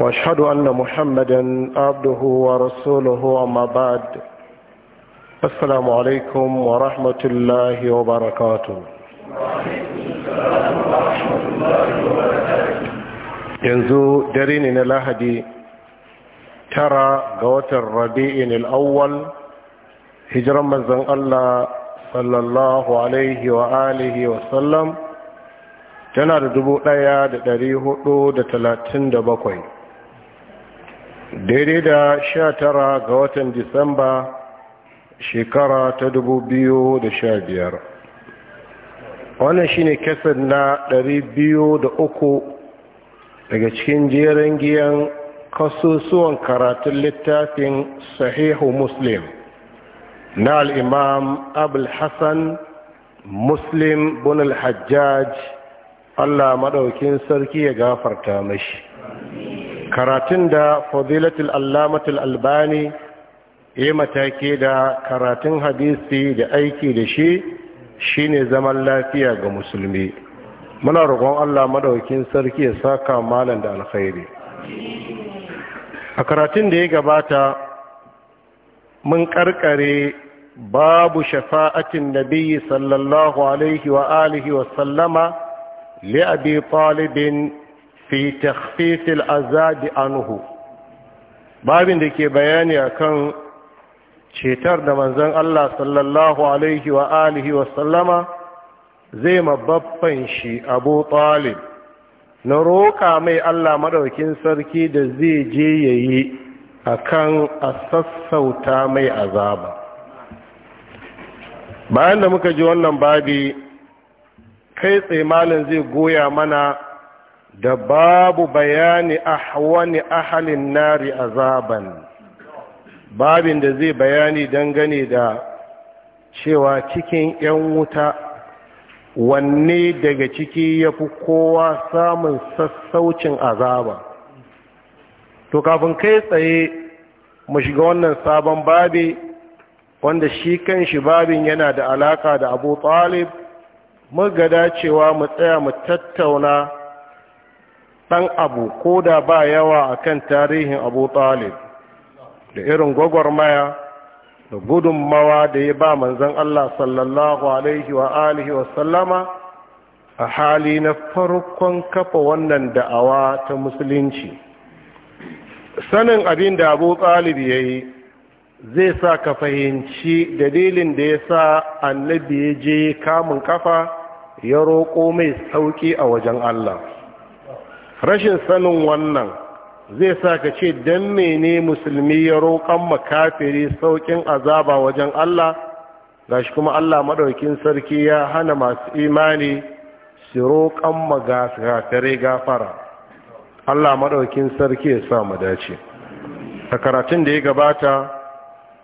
واشهد ان محمدا عبده ورسوله اما بعد السلام عليكم ورحمه الله وبركاته yanzu dare ne na lahadi tara ga watan rabi'in al'awwal hijiran mazan Allah sallallahu alaihi wa wa sallam tana da dubu ɗaya da ɗari huɗu da talatin da bakwai daidai da sha tara ga watan disamba shekara ta dubu biyu da sha biyar wannan shi ne kasar na ɗari biyu da uku daga cikin jerin giyan kasusuwan karatun littafin sahihu muslim na al'imam abul hassan muslim bin al-hajjaj allah maɗaukin sarki ya gafarta mashi karatun da fadilatul allamatul albani ya matake da karatun hadisi da aiki da shi shine zaman lafiya ga musulmi muna roƙon Allah madaukakin sarki ya saka malam da alkhairi a karatun da ya gabata mun karkare babu shafa'atin nabiyyi sallallahu alaihi wa alihi wa sallama li abi talibin fi takhfifil azabi anhu babin da ke bayani akan cetar da manzon Allah sallallahu alaihi wa alihi wa sallama zai mabaffan shi Abu Talib na roƙa mai Allah madaukin sarki da zai je yayi akan a sassauta mai azaba bayan da muka ji wannan babi kai tsaye malin zai goya mana da babu bayani wani ahalin nari azaban babin da zai bayani dangane da cewa cikin 'yan wuta wanne daga ciki ya fi kowa samun sassaucin azaba to kafin kai tsaye mu shiga wannan sabon babi wanda shi kan shi babin yana da alaka da abu talib gada dacewa mu tsaya mu tattauna ɗan abu ko da ba yawa a kan tarihin abu talib da irin gwagwarmaya da gudunmawa da ya ba manzan Allah sallallahu alaihi wa alihi wa sallama a hali na farkon kafa wannan da'awa ta musulunci sanin abin da abu talib ya yi zai sa ka fahimci dalilin da ya sa annabi ya je kamun kafa ya roƙo mai sauƙi a wajen Allah rashin sanin wannan zai sa ka ce don mene musulmi ya roƙon makafiri sauƙin azaba wajen Allah Ga shi kuma Allah maɗaukin sarki ya hana masu imani su roƙon magasakare gafara Allah maɗaukin sarki ya sa mu dace a karatun da ya gabata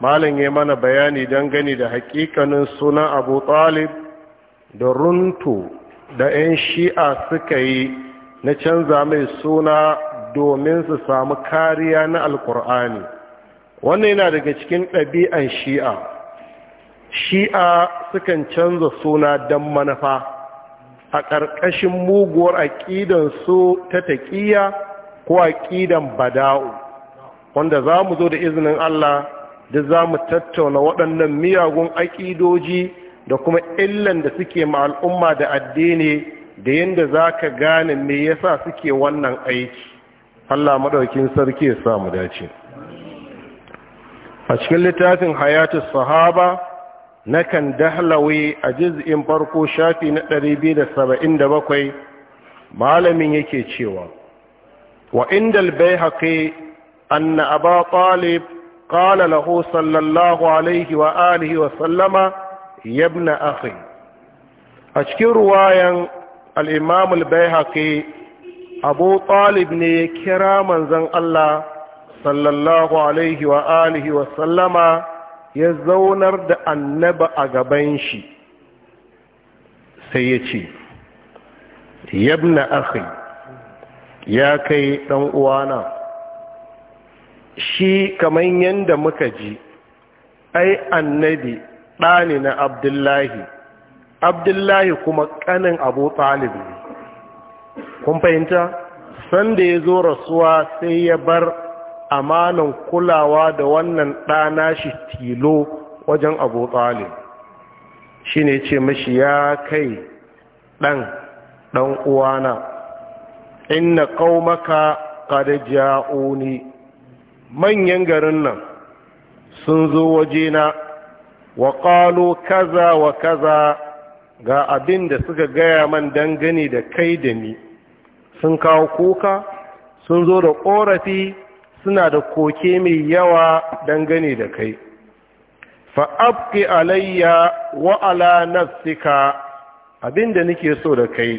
malam ya mana bayani don gani da hakikanin sunan abu talib da runtu da 'yan shi'a suka yi na canza mai suna domin su samu kariya na alkur'ani wannan yana daga cikin ɗabi'an shi'a shi'a sukan canza suna don manufa a ƙarƙashin muguwar aƙidan su ta taƙiya ko aƙidan bada'u wanda za mu zo da izinin Allah da za mu tattauna waɗannan miyagun aƙidoji da kuma illan da suke ma al'umma da addini da yadda za ka gane me yasa suke wannan aiki allah maɗaukin sarki ya samu dace a cikin littafin hayatu sahaba na kan dahlawe a jiz'in farko shafi na 277 malamin yake cewa wa inda albai haƙe an na ƙalib ƙala laho sallallahu alaihi wa alihi wa sallama yabna ake." a cikin ruwayan al'imam al-baihaqi abu talib ne ya kira manzan Allah sallallahu alaihi wa alihi wa sallama ya zaunar da annaba a gaban shi sai ya ce yabna akhi ya kai ɗan uwana shi kamar yadda muka ji ai annabi ɗani na abdullahi abdullahi kuma kanin abu talib ne kun fahimta sanda ya zo rasuwa sai ya bar amanan kulawa da wannan ɗana shi tilo wajen abu talib shi ne ce mashi ya kai ɗan ɗan uwana inna ƙaumaka kada ja'uni manyan garin nan sun zo wajena wa ƙalo kaza wa kaza ga abin da suka gaya man dangane da kai da ni sun kawo kuka sun zo da ƙorafi suna da koke mai yawa dangane da kai fa'abki alayya wa'ala nafsika abin da nake so da kai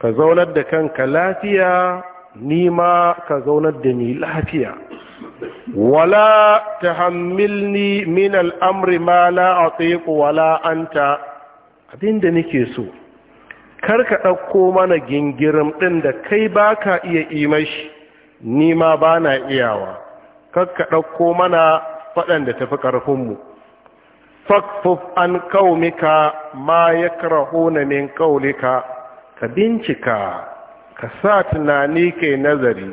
ka zaunar da kanka lafiya nima ka zaunar da ni lafiya wala ta hammilni min al'amri ma la a wala anta abinda nake so kar ka ɗauko mana gingirin ɗin da kai ba ka iya imashi ni ma ba na iyawa ka ɗauko mana faɗan da tafi ƙarfinmu fakfuf an kaumika ma ya karahuna min kaulika ka bincika ka sa tunani kai nazari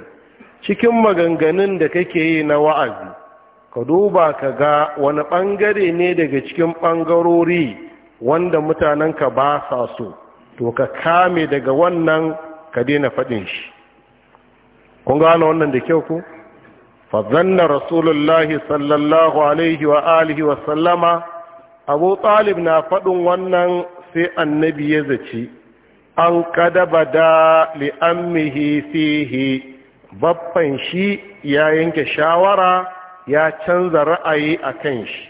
cikin maganganun da kake yi na wa'azi ka duba ka ga wani ɓangare ne daga cikin ɓangarori wanda mutanenka ba sa so to ka kame daga wannan ka daina faɗin shi kun gano wannan da kyau ku fazanna rasulullahi sallallahu alaihi wa alihi wa sallama abu talib na faɗin wannan sai annabi ya zaci an kadaba da li'ammihi fihi babban shi ya yanke shawara ya canza ra'ayi a kan shi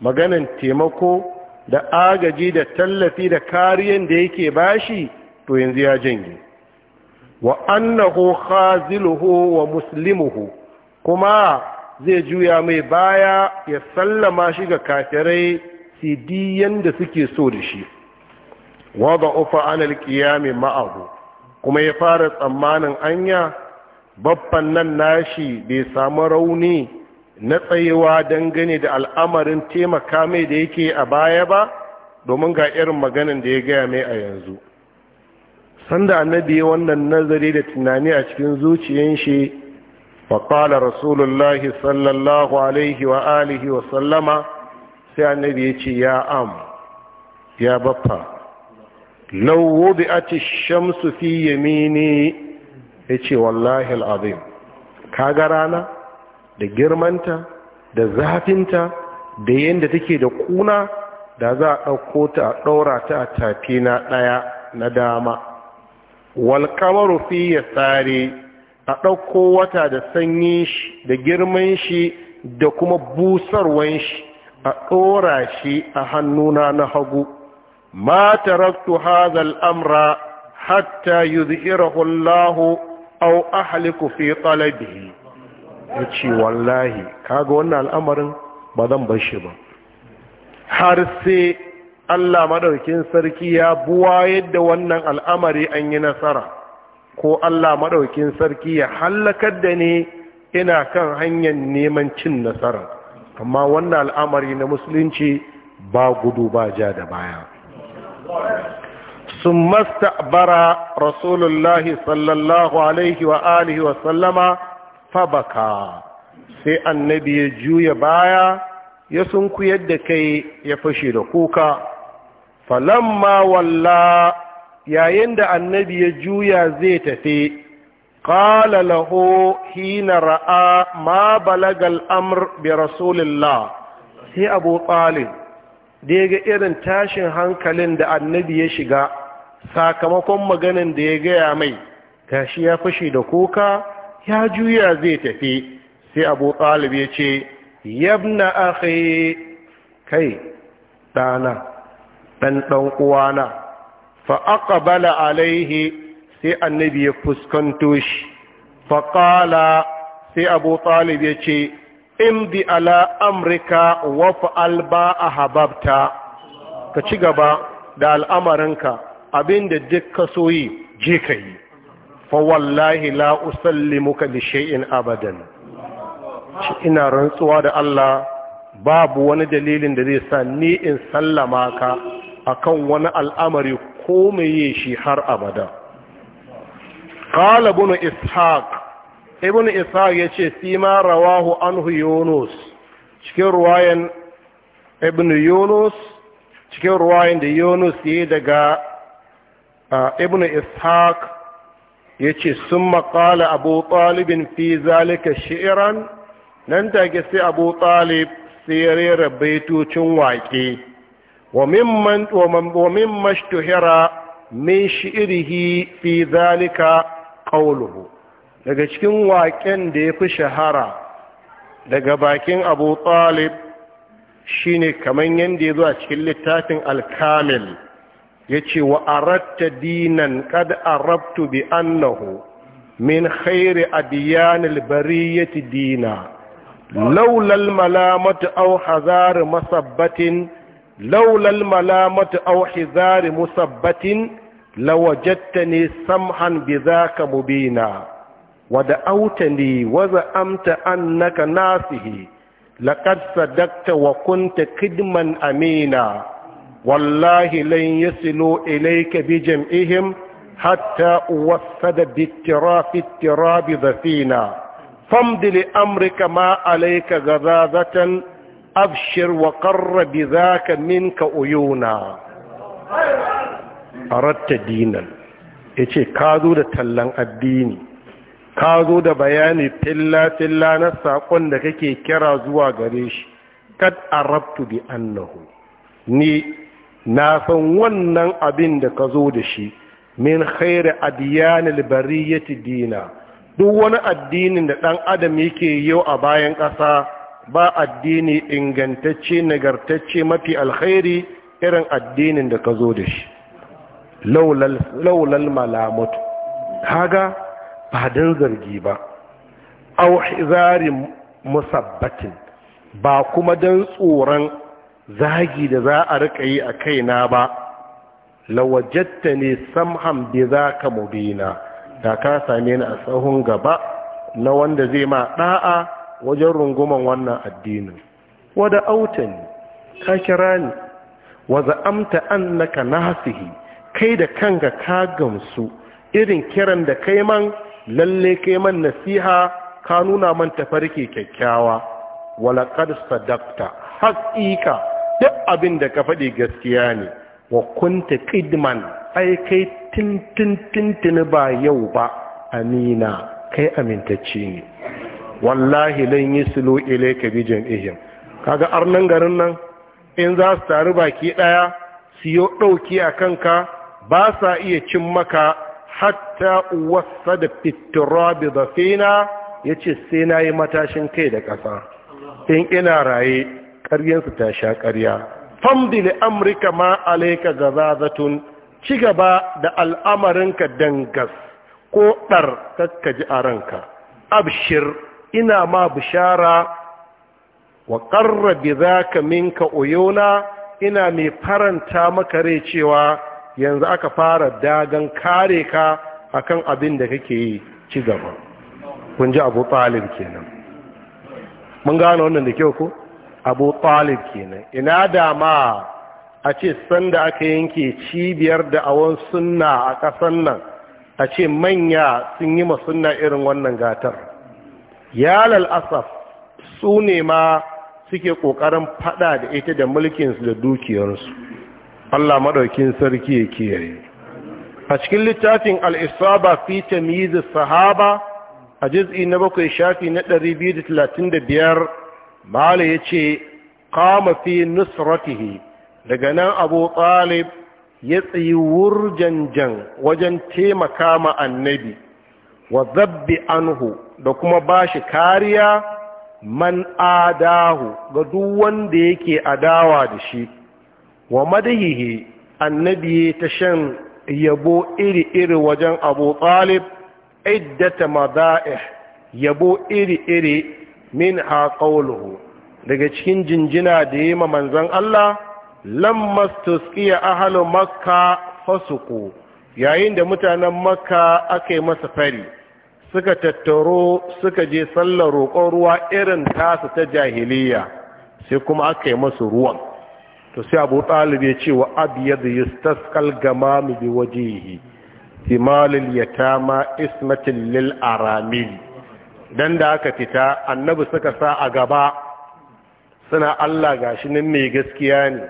maganin taimako da agaji da tallafi da kariyan da yake bashi to yanzu ya janye wa annahu khaziluhu wa muslimuhu kuma zai juya mai baya ya sallama shi ga kafirai sidiyan da suke so da shi wa ufa anil qiyami ma'ahu kuma ya fara tsammanin anya babban nan nashi bai samu rauni na tsayewa dangane da al'amarin taimaka mai da yake a baya ba domin ga irin maganin da ya gaya mai a yanzu sanda annabi wannan nazari da tunani a cikin zuciyar shi wa qala rasulullah sallallahu alaihi wa alihi wa sallama sai annabi ya ce ya am ya baffa bi a ash-shamsu fi yamini yace wallahi al'adim ka ga rana da girmanta da zafinta da yadda take da kuna, da za a ɗauko ta a ɗaura ta a tafi na ɗaya na dama walƙamar fi ya tsare a ɗauko wata da sanyin shi da girman shi da kuma busarwan shi a ɗora shi a hannuna na hagu ma taraktu hazal amra hatta yuzhirahu Allahu au ahliku fi talabihi ya ce wallahi kaga wannan al'amarin ba zan bar shi ba har sai Allah maɗaukin sarki ya buwa yadda wannan al'amari an yi nasara ko Allah maɗaukin sarki ya hallakar da ne ina kan hanyar neman cin nasara amma wannan al'amari na musulunci ba gudu ba ja da baya sun masta bara rasulullahi sallallahu alaihi wa alihi wa sallama fabaka sai annabi ya juya baya ya sunkuyar da kai ya fashe da kuka falamma walla yayin da annabi ya juya zai tafi qala lahu hina ra'a ma balagal amr bi rasulillah sai abu talib da ga irin tashin hankalin da annabi ya shiga sakamakon maganin da ya gaya mai gashi ya fashe da kuka ya juya zai tafi sai abu ɗalib ya ce yabna akhi kai ɗana ɗan ɗan uwana fa alaihe alaihi sai annabi ya fuskanto shi fa sai abu ɗalib ya ce bi ala Amurka wa fa'al a hababta ka ci gaba da al'amarinka abinda duk ka je ka yi fa wallahi la usallimuka bi shay'in abadan Shi ina rantsuwa da Allah babu wani dalilin da zai sa ni in sallama ka akan wani al'amari ko mai meye shi har abada qala ibn ishaq ibn ishaq yace sima rawahu anhu yunus cikin ruwayan ibn yunus cikin ruwayan da yunus yi daga uh, ibn ishaq ya ce sun maƙala abu ɗalibin fi zalika shi'iran nan ke sai abu ɗalib sai ya rera baitocin waƙe wa min mashtuhira min shi'irihi fi zalika ƙauluhu daga cikin waƙen da ya fi shahara daga bakin abu ɗalib shine kamar yadda ya zo a cikin littafin alkamil ya ce wa aratta dinan kad arabtu bi annahu min khairi adiyanil bariyati dina laulal malamatu aw hazar masabbatin laulal malamatu aw hizar musabbatin lawajadtani samhan bidhaka mubina amta annaka nasihi, ناسه sadakta wa kunta Kidman Amina. wallahi lan yasilu ilayka bi jam'ihim hatta uwaffada bi ittirafi ittirabi dhafina famdi li amrika ma alayka ghadadatan abshir wa qarra bi dhaka minka uyuna aratta dinan yace ka zo da tallan addini ka zo da bayani filla-filla na saƙon da kake kira zuwa gare shi kad arabtu bi annahu ni na san wannan abin da ka zo da shi min khairu adiyanil bariyati dina duk wani addinin da ɗan adam yake yau a bayan ƙasa ba addini ingantacce nagartacce mafi alkhairi irin addinin da ka zo da shi laulal malamut haga ba don zargi ba au zarin musabbatin ba kuma don tsoron zagi da za a rika yi a kaina ba lawajatta ne samham bi zaka mubina da ka same ni a tsahon gaba na wanda zai ma da'a wajen runguman wannan addinin wada autan ka kira ni wa za'amta annaka nasihi kai da kanka ka gamsu irin kiran da kai man lalle kai man nasiha ka nuna man tafarki kyakkyawa walaƙar sadaqta haqiqa duk abin da ka faɗi gaskiya ne wa kunta kidman ai kai tintintintini ba yau ba amina kai amintacce ne wallahi lan yuslu ilayka bi jam'ihim kaga arnan garin nan in za su taru baki daya siyo ɗauki a kanka ba sa iya cin maka hatta wasa da fitirabi da zafina, ya sai na yi matashin kai da ƙasa in ina raye ƙaryansu ta sha ƙarya famdi da amrika ma za gazazatun ci gaba da al'amarinka dangas ko ɗar ji a ranka abshir ina ma bishara wa ƙarra bi zaka minka oyona, ina mai faranta maka rai cewa yanzu aka fara dagan kare ka akan abin da kake yi ci gaba kun ji abu talib kenan mun gane wannan da kyau ko abu talib kenan ina da ma a ce sanda aka yanke cibiyar da awon sunna a ƙasan nan a ce manya sun yi masunna irin wannan gatar ya lalasaf su ne ma suke ƙoƙarin fada da ita da mulkinsu da dukiyarsu allah maɗaukin sarki ya kiyaye a cikin littafin al'isaba fi tamizu sahaba a jiz'i na bakwai shafi na biyar. mala ya ce kama fi nusratihi daga nan abu talib ya tsayi wurjanjan wajen taimaka ma annabi wa zabbi anhu da kuma ba shi kariya man adahu ga duk wanda yake adawa da shi wa madahihi annabi ta shan yabo iri-iri wajen abu talib iddata mada'ih yabo iri-iri min ha daga cikin jinjina da yi ma manzon Allah lammas tusqiya ahlu makka fasuku yayin da mutanen makka aka yi masa fari suka tattaro suka je sallar roƙon ruwa irin tasa ta jahiliya sai kuma aka yi masu ruwan to sai abu ɗalib ya ce wa staskal gama mu bi waje wajihi timalil yatama ismatin lil aramili dan da aka fita annabi suka sa a gaba suna Allah gashi nan mai gaskiya ne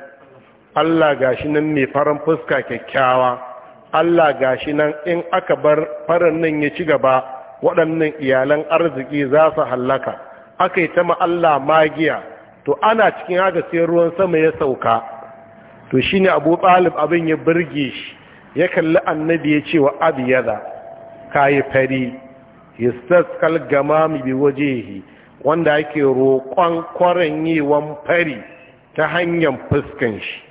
Allah gashi nan mai faran fuska kyakkyawa Allah gashi nan in aka bar farin nan ya ci gaba waɗannan iyalan arziki za su hallaka aka yi ta ma Allah magiya to ana cikin haka sai ruwan sama ya sauka to shine Abu Talib abin ya burge shi ya kalli annabi ya ce wa ka kayi fari yastaskal gamami bi wajehi wanda ake roƙon kwaranyewan fari ta hanyar fuskan shi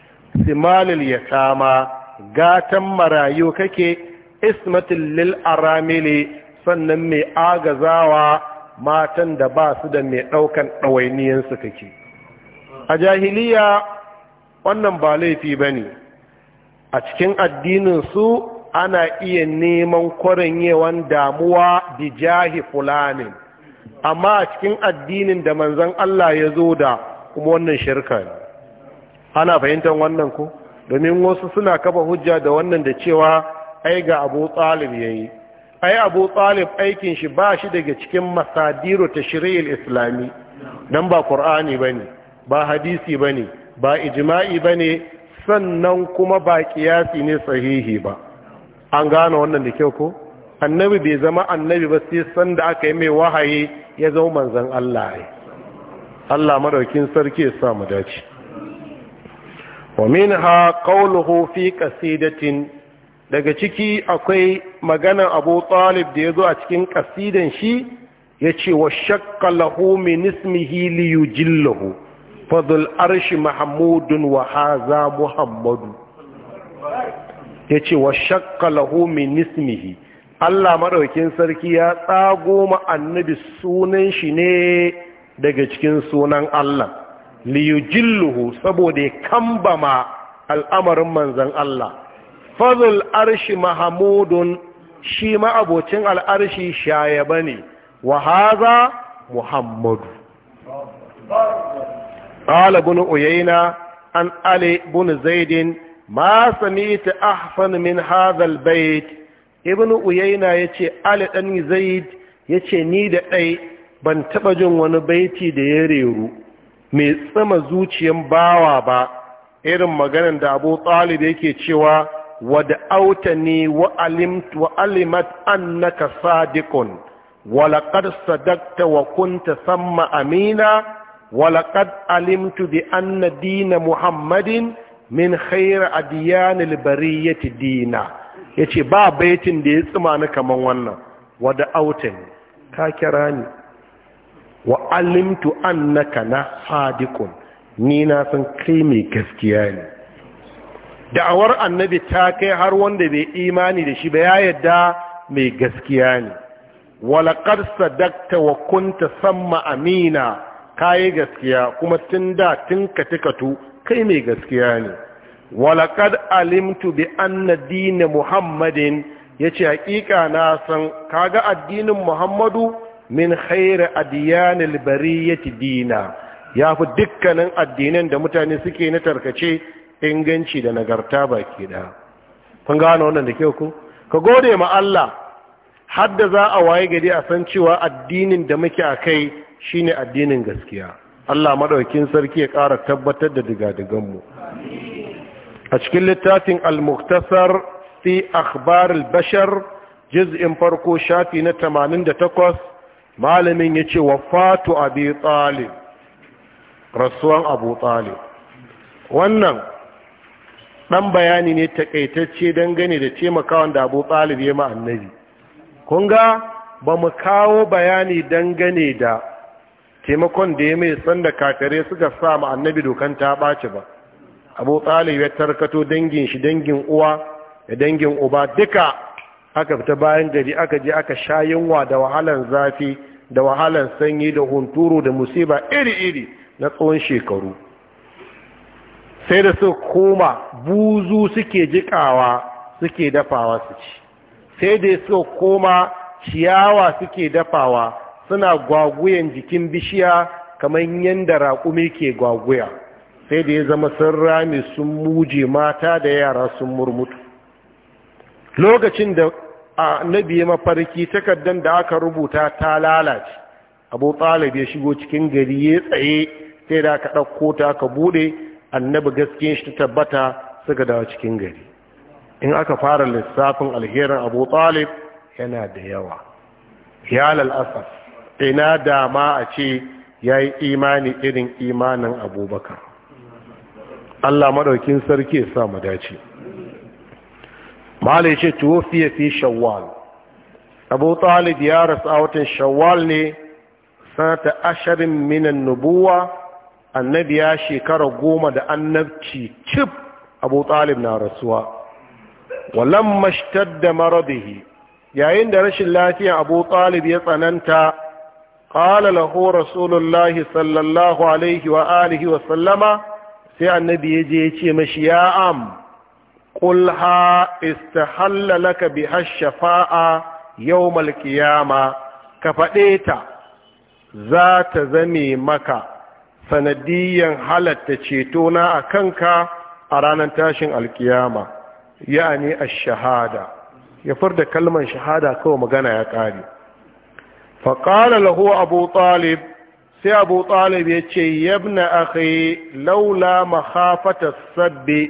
simalil yatama gatan marayu kake ismatin lil aramili sannan mai agazawa matan da ba su da mai ɗaukan ɗawainiyansu kake a jahiliya wannan ba laifi ba ne a cikin addinin su ana iya neman kwarin yawan damuwa bi jahi fulanin amma a cikin addinin da manzan Allah ya zo da kuma wannan shirka ne ana fahimtar wannan ku? domin wasu suna kafa hujja da wannan da cewa ai ga abu tsalib ya yi ai abu tsalib aikin shi ba shi daga cikin masadiru ta islami don ba ƙur'ani ba ne ba hadisi ba ne ba ijima'i ba ne sannan kuma ba kiyasi ne sahihi ba an gano wannan da kyau ko annabi bai zama annabi ba sai san da aka yi mai wahayi ya zama manzan Allah ya Allah madaukin sarki ya sa mu dace wa minha qawluhu fi qasidatin daga ciki akwai maganar Abu Talib da yazo a cikin qasidan shi yace wa shakka lahu min ismihi li yujillahu fadul arshi mahmudun wa hadha muhammadu ya ce wa shakka lahu min nismihi Allah madaukin sarki ya tsago ma annabi sunan shi ne daga cikin sunan Allah liyujilluhu saboda ya ma al'amarin manzan Allah fadl arshi mahamudun shi ma'abocin al'arshi shaya ne wa haza muhammadu قال بن an ale علي zaidin. ma sami'tu ahsan min hadha ibn ibnu uyayna yace ali dan zaid yace ni da dai ban taba jin wani baiti da ya reru mai tsama zuciyan bawa ba irin maganan da Abu Talib yake cewa wada'autani wa alimt wa alimat annaka sadiqun wa laqad sadaqta wa kunta samma amina wa laqad alimtu bi anna dina muhammadin min khair adiyanil bariyati dina yace ba baitin da ya tsima ni kaman wannan wada autin ka kira ni wa alimtu annaka na sadiqun ni na san kai mai gaskiya ne da'awar annabi ta kai har wanda bai imani da shi ba ya yadda mai gaskiya ne walaqad sadaqta wa kunta samma amina kayi gaskiya kuma tun da tinka tikatu kai mai gaskiya ne walaqad alimtu bi anna din muhammadin yace hakika na san kaga addinin muhammadu min khair adiyanil bariyati dina Ya fi dukkanin addinan da mutane suke na tarkace inganci da nagarta baki da kun gano wannan da kyau ko ka gode ma Allah hadda za a waye gari a san cewa addinin da muke akai shine addinin gaskiya Allah madaukin sarki ya ƙara tabbatar da digadiganmu a cikin littafin al-muktasar fi akhbar al-bashar juz'in farko shafi na 88 malamin yace wafatu abi talib rasuwan abu talib wannan dan bayani ne takaitacce dangane da taimakawan da abu talib ya ma annabi kun ga ba mu kawo bayani dangane da taimakon da ya mai sanda katare suka sa ma annabi dokan ta ɓaci ba abu talib ya tarkato dangin shi dangin uwa da dangin uba duka aka fita bayan gari aka je aka sha yunwa da wahalan zafi da wahalan sanyi da hunturu da musiba iri-iri na tsawon shekaru sai da su koma buzu suke jikawa suke dafawa su ci sai da su koma ciyawa suke dafawa suna gwaguyan jikin bishiya kamar yadda raƙumi ke gwaguya sai da ya zama sun rami sun muje mata da yara sun murmutu lokacin da nabi ya mafarki takardar da aka rubuta ta lalace abu talib ya shigo cikin gari ya tsaye sai da aka ɗauko ta aka buɗe annabi gaskiyan shi ta tabbata suka dawo cikin gari in aka fara lissafin alherin abu talib yana da yawa ya lal'asar ina dama a ce ya yi imani irin imanin abubakar Allah maɗaukin sarki ya sa mu dace malai ce ya fi shawwal abu talib ya rasu a watan shawwal ne sanata ashirin minan nubuwa annabi ya shekara goma da annabci cif abu talib na rasuwa walan shi da marabihi yayin da rashin lafiya abu talib ya tsananta qala lahu rasulullahi sallallahu alaihi wa wa sallama sai annabi ya je ya ce mashi ya am qul ha istahalla laka shafa'a yau qiyama ka faɗe ta za ta zame maka sanadiyan halarta ceto na a kanka a ranar tashin alkiyama ya'ani a shahada ya da kalmar shahada kawai magana ya ƙare faƙala laho abu talib sai abu talib ya ce yabna akhi laula makhafata sabbi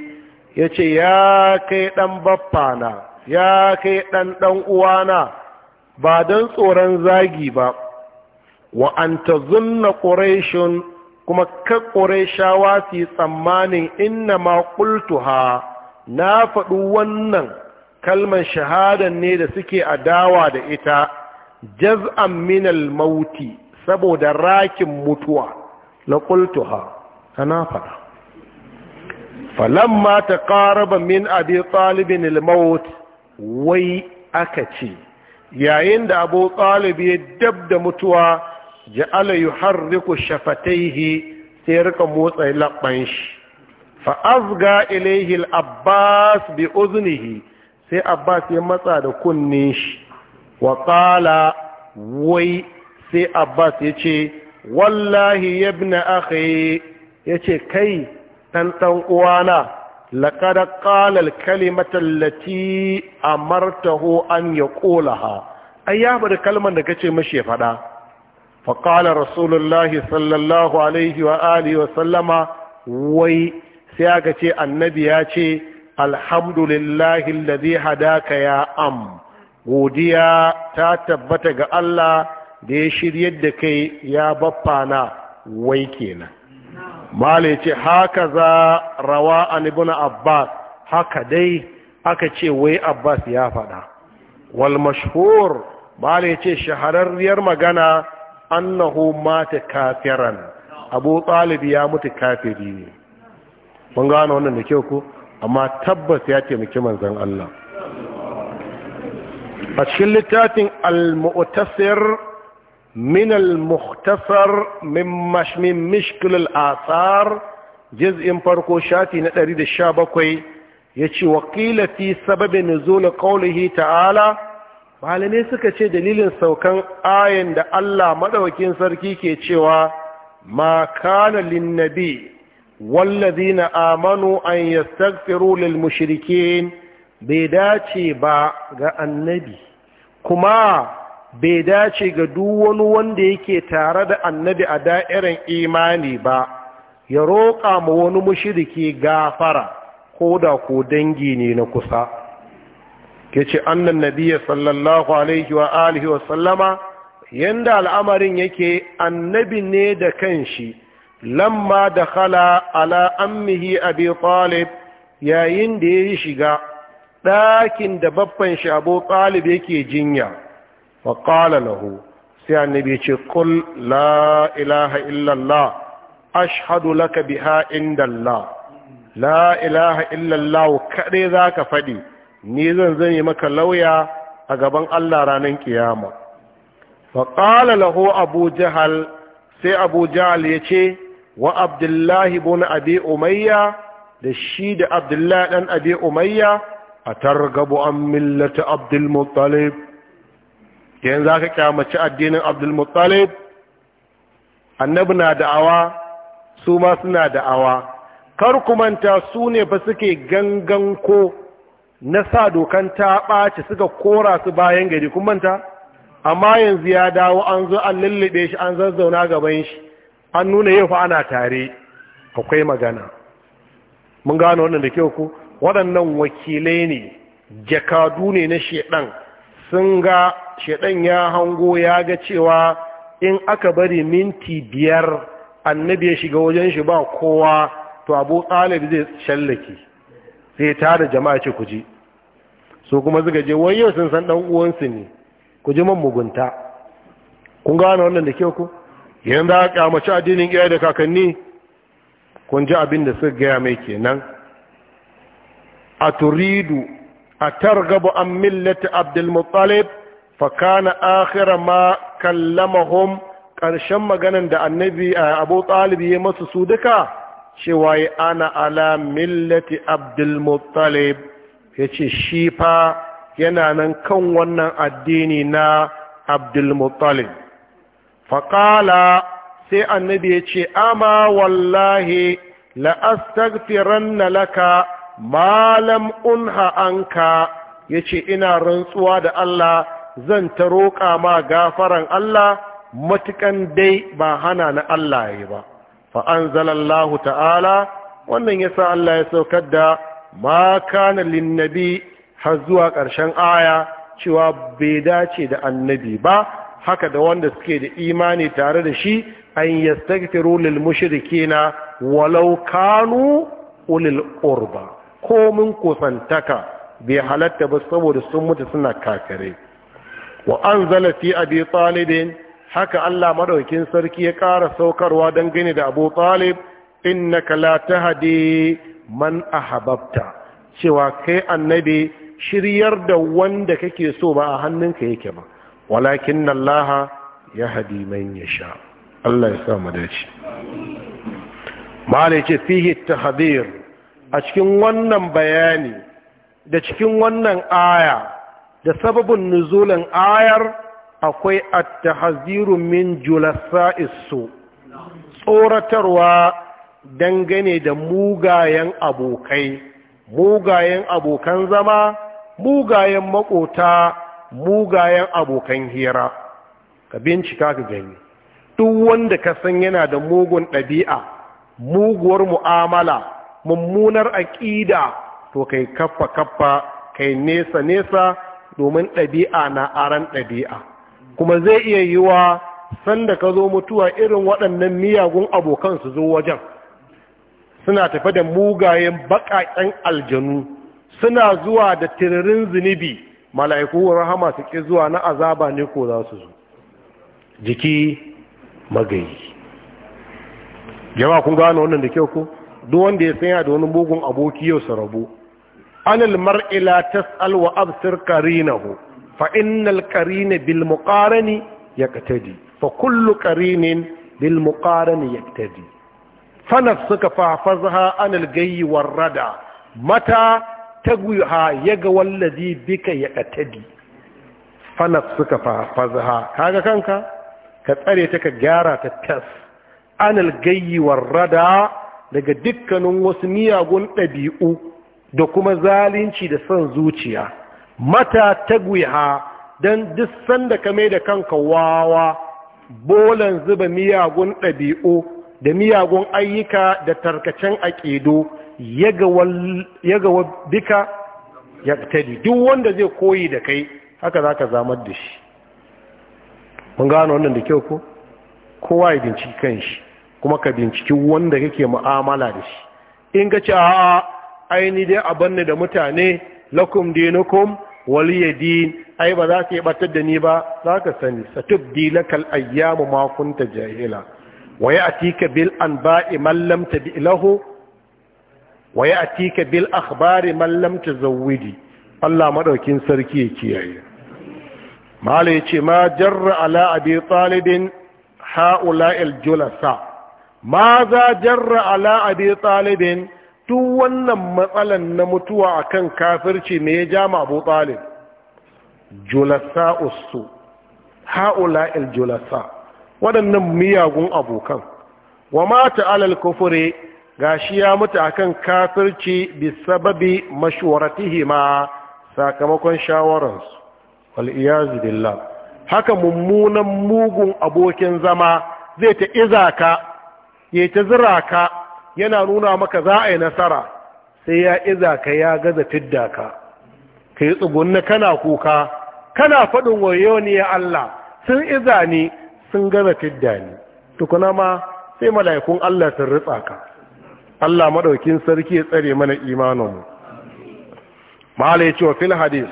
ya ce ya kai ɗan na ya kai ɗan ɗan uwana ba don tsoron zagi ba wa an ta zunna ƙureshin kuma ka ƙureshawa su tsammanin inna ma ƙultuha na faɗi wannan kalmar shahadan ne da suke adawa da ita jaz'an al mauti saboda rakin mutuwa la qultuha ana fada falamma taqaraba min abi ɗalibin al-maut wai aka ce yayin da abu talib ya dab da mutuwa ja'ala yuharriku shafataihi sai rika motsa labban shi fa azga ilayhi al-abbas bi uznihi sai abbas ya matsa da kunnin shi wa qala wai sai abbas ya ce wallahi ya bina akhi ya ce kai ɗan uwana laƙada ƙalar kalimatar a martaho an ya ƙolaha ai ya da kalmar da kace mashi ya faɗa faƙalar rasulullahi sallallahu alaihi wa alihi wa sallama wai sai aka ce annabi ya ce alhamdulillahi lalazi hadaka ya am godiya ta tabbata ga Allah da ya shirye da kai ya na wai kenan mala ce haka za rawa an ibn abbas haka dai aka ce wai abbas ya faɗa wal mashhur mala ce shahararriyar magana annahu mata kafiran abu talib ya mutu kafiri ne mun gano wannan da kyau ku? amma tabbas ya taimaki manzon Allah a cikin littafin al-mu'tasir min al-mukhtasar min mashmin mishkil al-athar juz'in farko shafi na 117 yace waqila fi sababin nuzul qawlihi ta'ala malamai suka ce dalilin saukan ayan da Allah madaukakin sarki ke cewa ma kana lin-nabi An آمنوا أن يستغفروا للمشركين bai dace ba ga annabi kuma bai dace ga duk wani wanda yake tare da annabi a da'irar imani ba ya roƙa ma wani mushiriki gafara ko da ko dangi ne na kusa ke ce annan nabiya sallallahu alaihi wa alihi wa sallama yanda al'amarin yake annabi ne da kanshi lamma da khala ala ammihi abi talib yayin da ya shiga ɗakin da babban shi abu ɗalib yake jinya wa ƙala lahu sai annabi ce kul la ilaha illallah ashhadu laka biha indallah la ilaha illallah kaɗai za ka faɗi ni zan zame maka lauya a gaban Allah ranar kiyama fa qala lahu abu jahal sai abu jahal yace wa abdullahi ibn abi umayya da shi da abdullahi dan abi umayya a targabu an millata abdulmuttalib yanzu za ka kyamaci addinin abdulmuttalib annabi na da'awa su ma suna da'awa kar ku manta su ne fa suke gangan ko na sa dokan ta ɓaci suka kora su bayan gari kun manta amma yanzu ya dawo an zo an lullube shi an zazzauna gaban shi an nuna yau fa ana tare akwai magana mun gano wannan da kyau ku waɗannan wakilai ne jakadu ne na shedan sun ga shedan ya hango ya ga cewa in aka bari minti biyar annabi ya shiga wajen shi ba kowa to abu ɗalib zai shallake sai tara jama'a ce kuji so kuma suka je wai yau sun san dan uwansu ne ku ji man mugunta kun gane wannan da kyau ku yanzu aka kyamaci addinin iyaye da kakanni kun ji abin da suka gaya mai kenan a turidu a targabu an millati abdulmuttalib fakana akhira ma kallamahum ƙarshen maganan da annabi abu talib ya masu su duka cewa ya ana ala millati abdulmuttalib ya ce shi fa yana nan kan wannan addini na abdulmuttalib faƙala sai annabi ya ce ama wallahi la'astagfiran na laka malam unha anka yace ina rantsuwa da Allah zan ta roƙa ma gafaran Allah matukan dai ba hana na Allah yayi ba fa anzalallahu ta'ala wannan yasa Allah ya saukar da ma kana linnabi har zuwa ƙarshen aya cewa bai dace da annabi ba haka da wanda suke da imani tare da shi an yastaghfiru lil mushrikeena walau kanu ulil qurba komin kusantaka bai halatta ba saboda sun mutu suna kakare wa an zalafi abi talibin haka Allah madaukin sarki ya ƙara saukarwa don gani da abu talib kala ta tahdi man hababta. cewa kai annabi shiryar da wanda kake so ba a hannunka yake ba walakin Allah ya hadi man yasha Allah ya sa mu dace malai ce fihi tahdir a cikin wannan bayani da cikin wannan aya da sababin nuzulin ayar akwai at-tahziru min julasa'isu tsoratarwa dangane da mugayen abokai mugayen abokan zama mugayen makota mugayen abokan hira ka bincika ka gani duk wanda ka san yana da mugun ɗabi'a muguwar mu'amala mummunar aƙida to kai kaffa kaffa kai nesa nesa domin ɗabi'a na aran ɗabi'a kuma zai iya yi wa sanda ka zo mutuwa irin waɗannan miyagun abokan su zo wajen suna tafe da mugayen baƙaƙen aljanu suna zuwa da tiririn zunubi mala'iku rahama su ƙi zuwa na azaba ne ko za su zo jiki magayi jama'a kun gano wannan da kyau ko duk wanda ya sanya da wani mugun aboki yau su rabu anil mar'i la tas'al wa absir qarinahu fa innal qarina bil muqarani yaqtadi fa kullu qarinin bil muqarani yaqtadi fa nafsuka fa fazha anil gayyi war rada mata tagwiha yaga wallazi bika yaqtadi fa nafsuka fa fazha kaga kanka ka tsare ta ka gyara ta tas anil gayyi war rada daga dukkanin wasu miyagun ɗabi'u da kuma zalunci da son zuciya mata tagwiha don duk sanda ka mai da kanka wawa bolan zuba miyagun ɗabi'u da miyagun ayyuka da tarkacen aƙido ya ga duka ya tadi duk wanda zai koyi da kai haka za ka zamar da shi mun gano wannan da kyau ko kowa ya binciki kan shi kuma ka binciki wanda kake mu'amala da shi in ka ci a aini dai a banne da mutane lakum dinukum waliya din ai ba za ka yi batar da ni ba za ka sani satubdi lakal ayyamu ma kunta jahila wa ya'tika bil anba'i man lam tabi lahu wa ya'tika bil akhbari man lam tazawwidi Allah madaukin sarki ya kiyaye mala yace ma jarra ala abi talibin ha'ula'il julasa ma za jarra ala abi talibin duk wannan matsalan na mutuwa akan kafirci ne ya ja ma abu talib julasa usu haula il julasa waɗannan miyagun abokan wa mata alal kufure shi ya mutu akan kafirci bi sababi mashwaratihi ma sakamakon shawararsu wal billah haka mummunan mugun abokin zama zai ta izaka ya ta zira ka yana nuna maka za a yi nasara sai ya iza ka ya gaza fidda ka ka yi tsugunna kana kuka kana faɗin wayo ne ya Allah sun iza ni sun gaza fidda ni tukuna ma sai mala'ikun Allah sun ritsa ka Allah maɗaukin sarki ya tsare mana imaninmu mahala ya ce wa fil hadis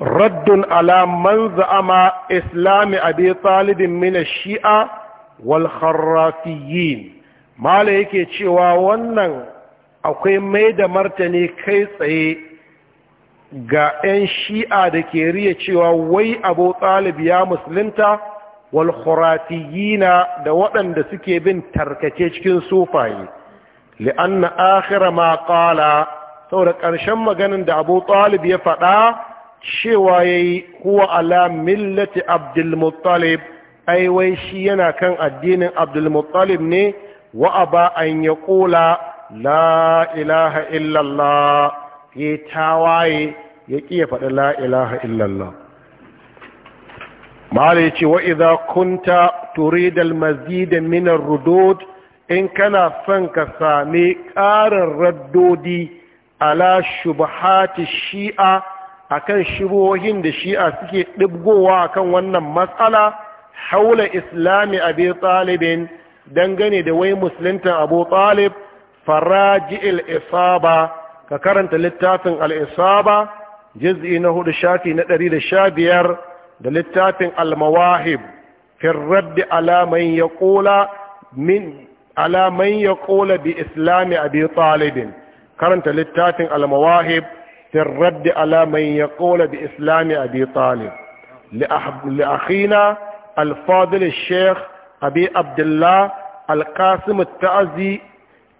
raddun ala man za'ama islami abi talibin mina shi'a wal mala yake cewa wannan akwai mai da martani kai tsaye ga 'yan shi'a da ke riya cewa wai abu talib ya musulunta wal da waɗanda suke bin tarkace cikin sufaye li'anna akhira ma qala saboda ƙarshen maganin da abu talib ya faɗa cewa yayi huwa ala millati abdul muttalib ai wai shi yana kan addinin abdulmuttalib ne wa aba an ya kula la ilaha illallah ya tawaye ya ƙi ya faɗi la ilaha illallah ma'ala ce wa idza kunta turidal mazida min ar-rudud in kana son ka sami ƙarin raddodi ala shubhati shi'a akan shubohin da shi'a suke ɗibgowa akan wannan matsala haula islami abi talibin dangane da wai musulunta abu talib faraji al-isaba ka karanta littafin al'isaba isaba na hudu shafi na ɗari da sha biyar da littafin al-mawahib fi raddi alaman ya ƙola min alaman bi islami abi talibin karanta littafin al-mawahib في الرد على من يقول بإسلام أبي talib لأخينا الفاضل الشيخ أبي عبد الله القاسم التعزي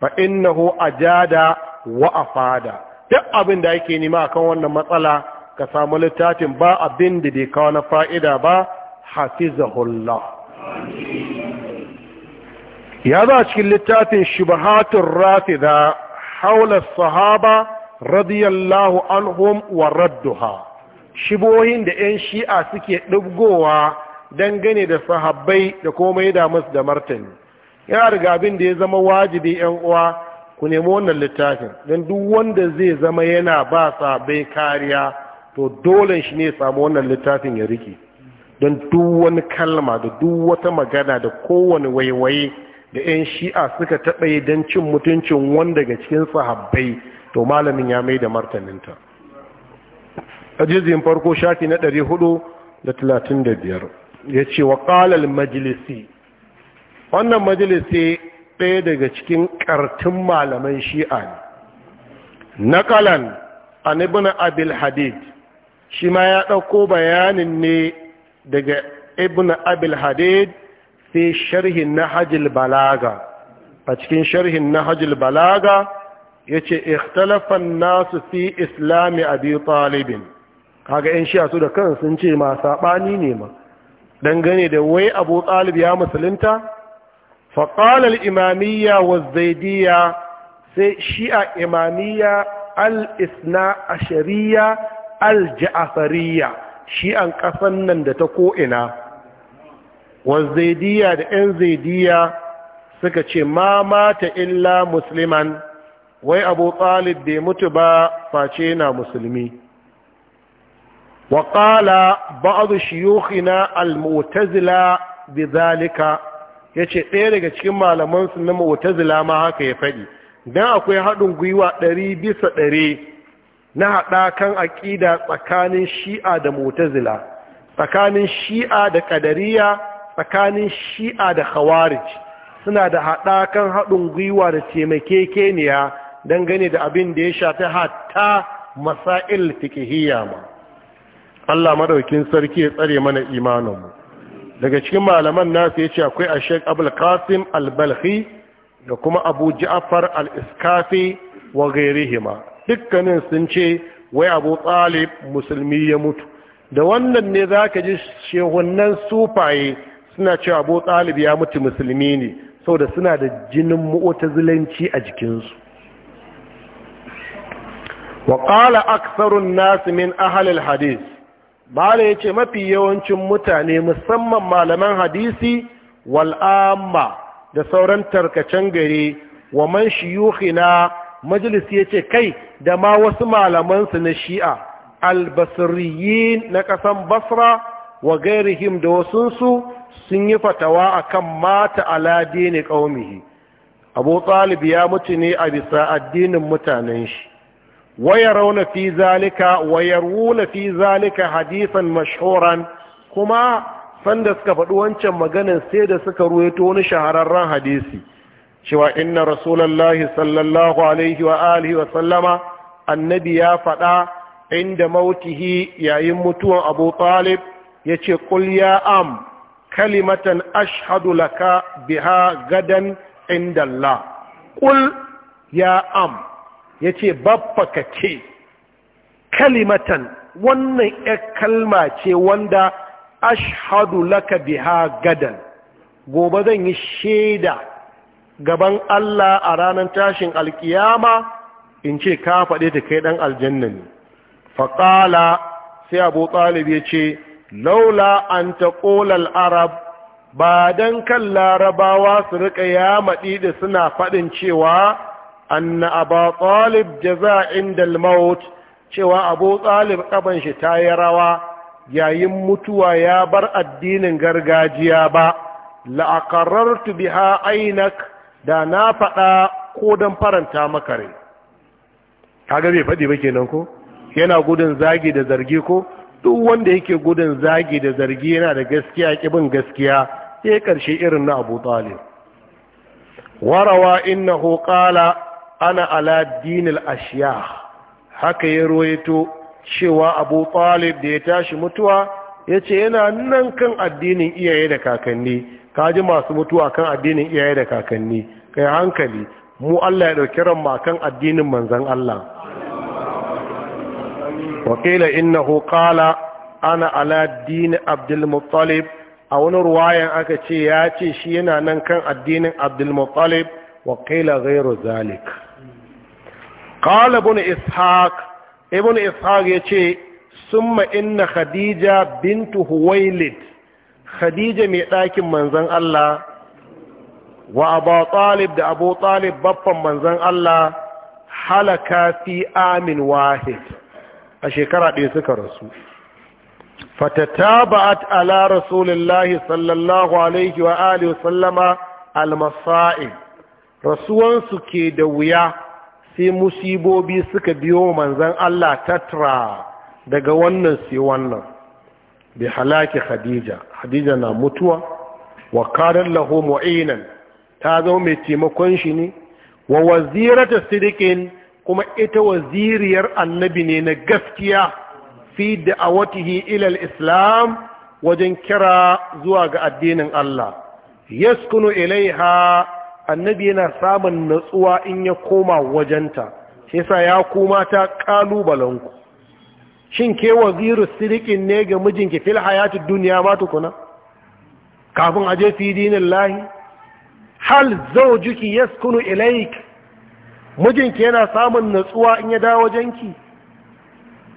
فإنه أجاد وأفاد duk abin da yake nema kan wannan matsala ka samu littafin ba abin da bai kawo na fa'ida ba hafizahullah ya za cikin littafin shubahatun rafida haula sahaba radiyallahu anhum wa radduha shibohin da 'yan shi'a suke ɗubgowa dangane da sahabbai da komai da musu da martani yana daga abin da ya zama wajibi yan uwa ku nemi wannan littafin don duk wanda zai zama yana ba sahabbai kariya to dole shi ne samu wannan littafin ya rike don duk wani kalma da duk wata magana da kowane waiwaye da 'yan shi'a suka taɓa yi don cin mutuncin wanda daga cikin sahabbai to malamin ya mai da martaninta a farko shafi na 435 ya ce wa ƙalal majalisi wannan majalisi ɗaya daga cikin ƙartun malaman shi'a ne ƙalan an ibn abil hadid shi ma ya ɗauko bayanin ne daga ibn abil hadid fi sharhin na hajjil balaga a cikin sharhin na hajjil balaga ya ce ikhtalafan nasu fi islami abi talibin kaga 'yan shi'a su da kan sun ce ma saɓani ne ma dangane da wai abu talib ya musulunta faƙalar imamiyya wa zaidiyya sai shi'a imamiyya al-isna ashariya al-ja'afariya shi'an ƙasan nan da ta ko'ina wa zaidiyya da 'yan zaidiyya suka ce ma mata illa musliman wai abu talib bai mutu ba face na musulmi وقال بعض شيوخنا المعتزلة بذلك yace ɗaya daga cikin malaman su na mu'tazila ma haka ya faɗi dan akwai haɗin gwiwa ɗari bisa ɗari na haɗakan aƙida tsakanin shi'a da mu'tazila tsakanin shi'a da ƙadariya tsakanin shi'a da khawarij suna da haɗakan haɗin gwiwa da taimakekeniya dangane da abin da ya shafi hatta masail fikihiyya ma Allah madaukin sarki ya tsare mana imaninmu daga cikin malaman nasu yace akwai a Abdul abulkasim al da kuma Abu Al-Iskafi wa ghairihima dukkanin sun ce wai Abu Talib musulmi ya mutu da wannan ne ka ji shehunan sufaye suna ce Abu Talib ya mutu musulmi ne da suna da jinin zilanci a jikinsu وقال aksarun الناس من أهل hadis bala ya ce mafi yawancin mutane musamman malaman hadisi wal'amma da sauran tarkacen gari wa man na majalis ya ce kai da ma wasu malamansu na shi'a albasiriyin na ƙasan basra wa gairihim da wasunsu sun yi fatawa akan mata alade ne ƙaumihi abu talib ya mutu ne a bisa addinin mutanen shi Wayar في ذلك ويروون hadisan ذلك kuma sanda suka faɗi wancan maganar sai da suka ruwaito wani shahararren hadisi cewa inna rasulallahi sallallahu alaihi wa alihi wa sallama annabi ya faɗa inda mautihi yayin mutuwan abu talib ya ce ya am kalimatan ashhadu laka biha gadan inda Allah ƙul ya am ya ce babba ka ce kalimatan wannan 'yar kalma ce wanda ashadu laka biha gadan gobe zan yi shaida gaban Allah a ranar tashin alkiyama in ce ka faɗe ta kai ɗan aljanna ne faƙala sai abu ɗalib ya ce laula an ta ƙolal arab ba don kan larabawa su riƙa yamaɗi da suna faɗin cewa anna aba talib jaza inda al cewa abu talib shi ta yi rawa yayin mutuwa ya bar addinin gargajiya ba la'aqarrartu biha ainak da na faɗa ko don faranta maka rai kaga bai faɗi ba kenan ko yana gudun zagi da zargi ko duk wanda yake gudun zagi da zargi yana da gaskiya kibin gaskiya sai ƙarshe irin na Abu Warawa in na qala ana ala dinil ashiya haka ya roito cewa abu talib da ya tashi mutuwa ya ce yana nan kan addinin iyaye da kakanni kaji masu mutuwa kan addinin iyaye da kakanni kai hankali mu Allah ya ɗauki ranma kan addinin manzan Allah wakila innahu qala ana ala dini muttalib a wani ruwayan aka ce ya ce shi yana nan kan addinin abdulmuttalib wakila ghairu zalik qala ibn ishaq ibn ishaq yace summa inna khadija bintu huwailid khadija mai ɗakin manzon Allah wa abu da abu talib baffan manzon Allah halaka fi amin wahid a shekara ɗaya suka rasu fatatabat ala rasulillahi sallallahu alaihi wa alihi sallama almasa'ib rasuwansu ke da wuya sai musibobi suka biyo manzan Allah tatra daga wannan sai wannan bi halaki khadija khadija na mutuwa wa qarar lahu mu'inan ta zama mai taimakon shi ne wa wazirata sidiqin kuma ita waziriyar annabi ne na gaskiya fi da'awatihi ila al-islam wajen kira zuwa ga addinin Allah yaskunu ilaiha annabi yana samun natsuwa in ya koma wajenta sai yasa ya kuma ta kalubalanku shin ke waziru sirikin ne ga mijinki fil hayati duniya ma tukuna kafin aje fi dinin lahi hal zawjuki yaskunu ilaik mijinki yana samun natsuwa in ya dawo wajenki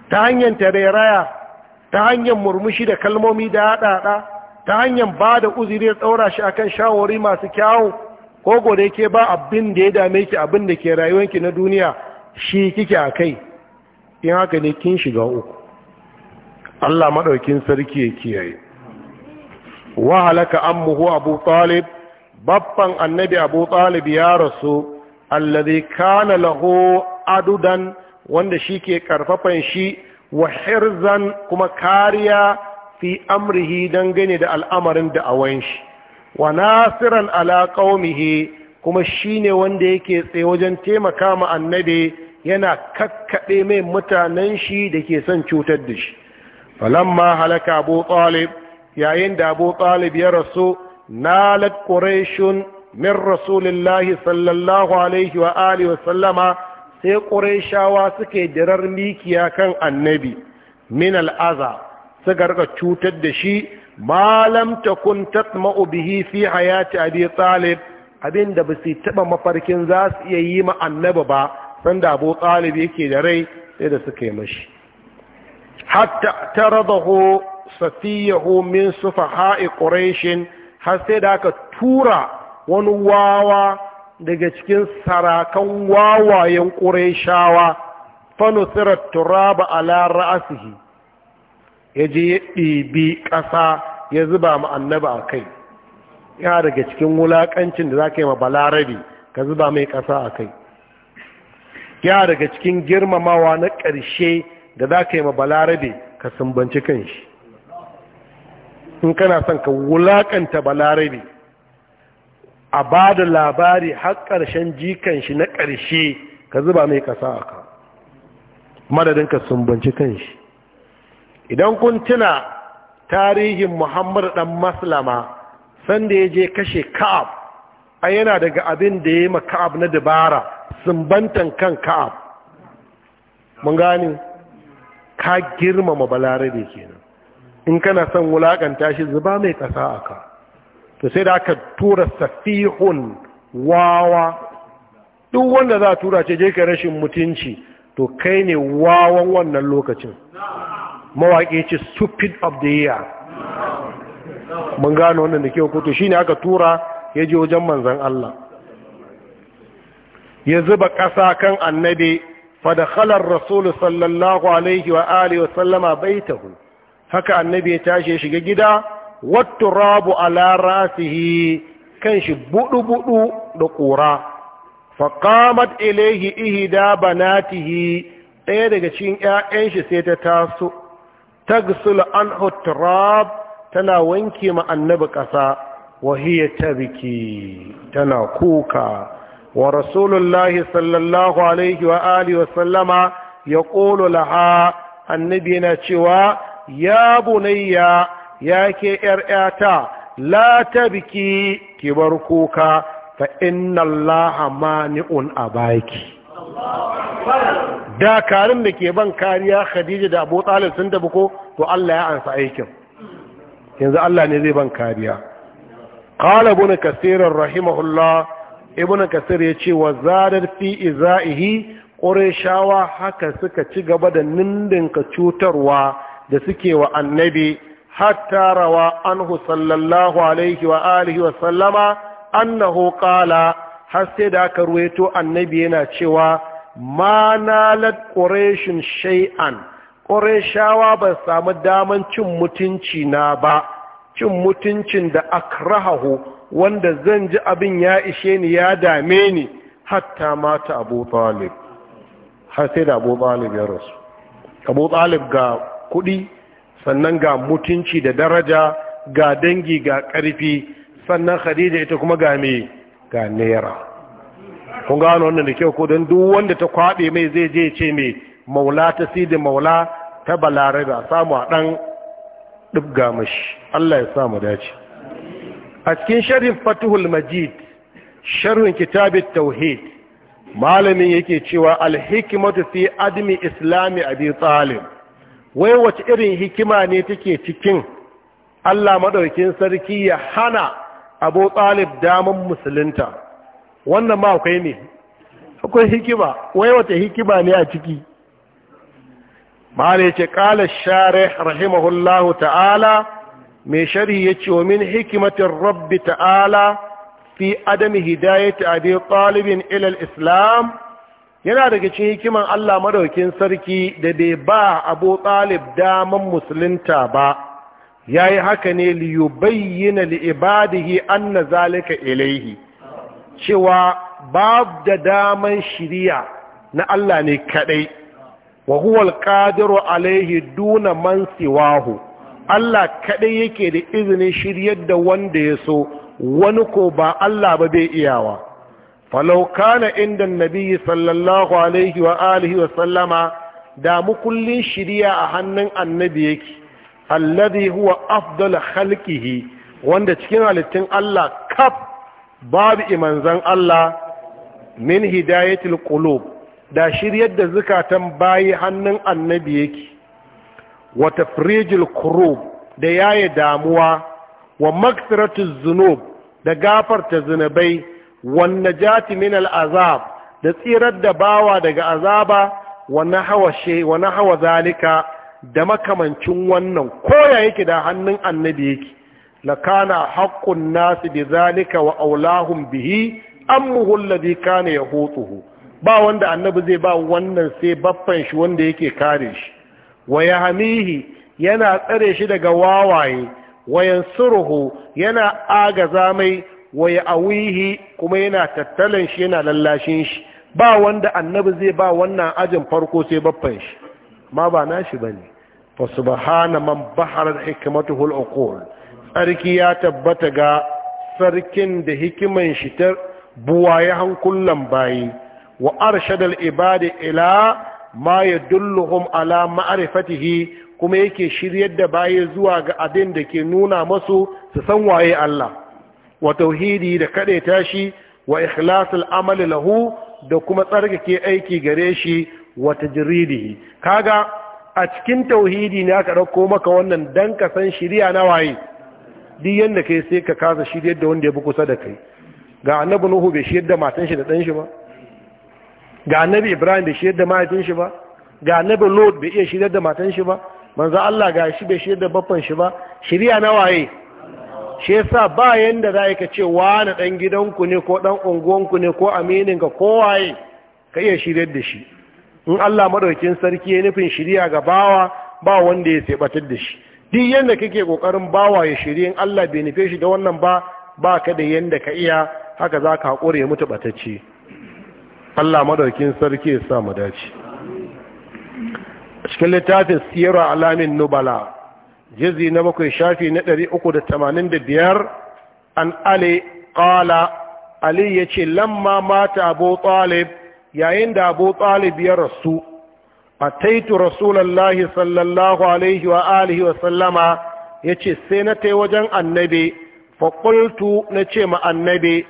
ta hanyar tarairaya ta hanyar murmushi da kalmomi da haɗaɗa ta hanyar ba da uzuri ya tsaura shi akan shawari masu kyawu ko gode ke ba abin da ya dame ki abin da ke rayuwanki na duniya shi kike a kai in haka ne kin shiga uku Allah maɗaukin sarki ya kiyaye wa halaka ammuhu abu talib babban annabi abu talib ya rasu allazi kana lahu adudan wanda shi ke karfafan shi wa hirzan kuma kariya fi amrihi dangane da al'amarin da awanshi wa nasiran ala qaumihi kuma shine wanda yake tsaye wajen taimaka ma annabi yana kakkaɓe mai mutanen shi dake son cutar da shi falamma halaka abu talib yayin da abu talib ya rasu nalat quraishun min rasulillahi sallallahu alaihi wa alihi wa sallama sai quraishawa suke dirar mikiya kan annabi min al'aza suka rika cutar da shi ma lam takun tatma'u bihi fi hayati abi talib abinda ba su taɓa mafarkin za su iya yi ma annaba ba sanda abu talib yake da rai sai da suka yi mashi hatta taradahu safiyahu min sufaha'i quraishin har sai da aka tura wani wawa daga cikin sarakan wawayen qurayshawa fanusirat turaba ala asihi ya je ya ɗibi ƙasa ya zuba ma annaba a kai ya daga cikin wulaƙancin da za ka yi ma balarabi ka zuba mai ƙasa a kai yana daga cikin girmamawa na ƙarshe da za ka yi ma ka sumbanci kan shi in kana son ka wulaƙanta balarabe a ba da labari har ƙarshen jikan shi na ƙarshe ka zuba mai ƙasa a ka madadin ka sumbanci kan shi idan kun tuna tarihin Muhammadu dan maslama sanda ya je kashe ka'ab a yana daga abin da ya yi ma ka'ab na dabara sumbantan kan ka'ab mun gani ka girmama balarabe kenan in kana son wulakanta shi zuba mai ƙasa aka to sai da aka tura safihun wawa duk wanda za a tura ce je ka rashin mutunci to kai ne wawan wannan lokacin mawaƙi ce stupid of the year mun gano wannan da ke kyau shi ne aka tura ya ji wajen manzan Allah ya zuba ƙasa kan annabi fadakhalar rasul sallallahu alaihi wa alihi wa sallama baitahu haka annabi ya tashi ya shiga gida watturabu ala rasihi kan shi budu-budu da ƙura faƙamat ilaihi ihida banatihi ɗaya daga cikin 'ya'yan shi sai ta taso tagsul an hutturab tana wanke ma annabi ƙasa wahiyya ta biki tana kuka wa rasulullahi sallallahu alaihi wa alihi wasallama ya ƙolo laha annabi yana cewa ya bunayya ya ke ‘yar’yata la ta biki ki bar kuka fa’in Allah a mani’un a dakarun da ke ban kariya khadija da abu talib sun tafi ko to Allah ya ansa aikin yanzu Allah ne zai ban kariya qala ibn kasir rahimahullah ibn kasir yace wa zadar fi izaihi qurayshawa haka suka ci gaba da nindinka cutarwa da suke wa annabi hatta rawa anhu sallallahu alaihi wa alihi wa sallama annahu qala har sai da aka ruwaito annabi yana cewa ma nalat shai'an shay'an ƙureshawa ba samu daman cin mutunci na ba cin mutuncin da akrahahu wanda zan ji abin ya ishe ni ya dame ni hatta mata abu talib har sai da abu talib ya rasu abu talib ga kuɗi sannan ga mutunci da daraja ga dangi ga ƙarfi sannan khadija ita kuma ga me ga naira kun gano wannan da kyau ko don duk wanda ta kwaɓe mai zai je ce mai maula ta da maula ta balarabe samu a ɗan ɗibga mashi Allah ya samu dace a cikin sharhin fatihul majid sharhin kitabit tauhid malamin yake cewa alhikimatu fi admi islami abi talib wai wace irin hikima ne take cikin Allah madaukin sarki ya hana abu talib daman musulunta wannan ba akwai ne akwai hikima wai wata hikima ne a ciki ma'ana ce ƙala share rahimahullahu ta'ala mai sharhi ya ce wa min hikimatin rabbi ta'ala fi adami hidayeti abi ɗalibin ilal islam yana daga cikin hikiman Allah madaukin sarki da bai ba abu ɗalib daman musulunta ba ya yi haka ne bayyana li'ibadihi anna zalika ilaihi cewa babu da daman shiriya na Allah ne kadai wa huwal qadiru alaihi duna man siwahu Allah kadai yake da izinin shiryar da wanda ya so wani ko ba Allah ba bai iyawa falau kana inda nabi sallallahu alaihi wa alihi wa sallama da mukullin shiriya a hannun annabi yake alladhi huwa afdal khalqihi wanda cikin halittun Allah kaf babu imanzan Allah min hidayatul qulub da shiryar da zukatan bayi hannun annabi yake wa tafrijul kurub da yaye damuwa wa maghfiratuz zunub da gafarta zunubai wan najati min al azab da tsirar da bawa daga azaba wa nahwa shay wa nahwa zalika da makamancin wannan koya yake da hannun annabi yake lakana haqqun nasi bi zalika wa Aulahun bihi ammuhu ya kana yahutuhu ba wanda annabi zai ba wannan sai baffan shi wanda yake kare shi wa yahmihi yana tsare shi daga wawaye wa yansuruhu yana agaza mai wa kuma yana tattalan shi yana lallashin shi ba wanda annabi zai ba wannan ajin farko sai baffan shi ma ba nashi bane fa subhana man bahara hikmatuhu al tsarki ya tabbata ga sarkin da hikiman shi ta ya hankulan bayi wa arshadal ibadi ila ma ya dulluhun ala ma'arifatihi kuma yake shiryar da bayi zuwa ga abin da ke nuna masu su san waye Allah wa tauhidi da kadaita shi wa ikhlasul amali lahu da kuma tsarkake aiki gare shi wa tajridihi kaga a cikin tauhidi ne aka dauko maka wannan dan ka san shiriya na waye duk yadda kai sai ka kasa shirya da wanda ya bi kusa da kai ga annabi nuhu bai shirya da matan shi da dan shi ba ga annabi ibrahim bai shirya da mahaifin shi ba ga annabi lord bai iya shirya da matan shi ba manzo Allah ga shi bai shirya da baffan shi ba shirya na waye shi yasa ba yanda za ka ce wani dan gidanku ne ko dan unguwanku ne ko aminin ka ko waye ka iya shiryar da shi in Allah madaukin sarki ya nufin shirya ga bawa ba wanda ya sebatar da shi duk yadda kake kokarin bawa ya shirye in Allah bai nufe shi da wannan ba ba ka da yadda ka iya haka za ka haƙure mutu ɓatacce Allah madaukin sarki ya sa mu dace cikin littafin siyarwa alamin nubala jizi na bakwai shafi na ɗari uku da tamanin da biyar an ali ƙala ali ya ce lamma mata abu talib yayin da abu talib ya rasu ataitu rasulallahi sallallahu alaihi wa alihi wa sallama yace sai na tai wajen annabi fa qultu nace ma annabi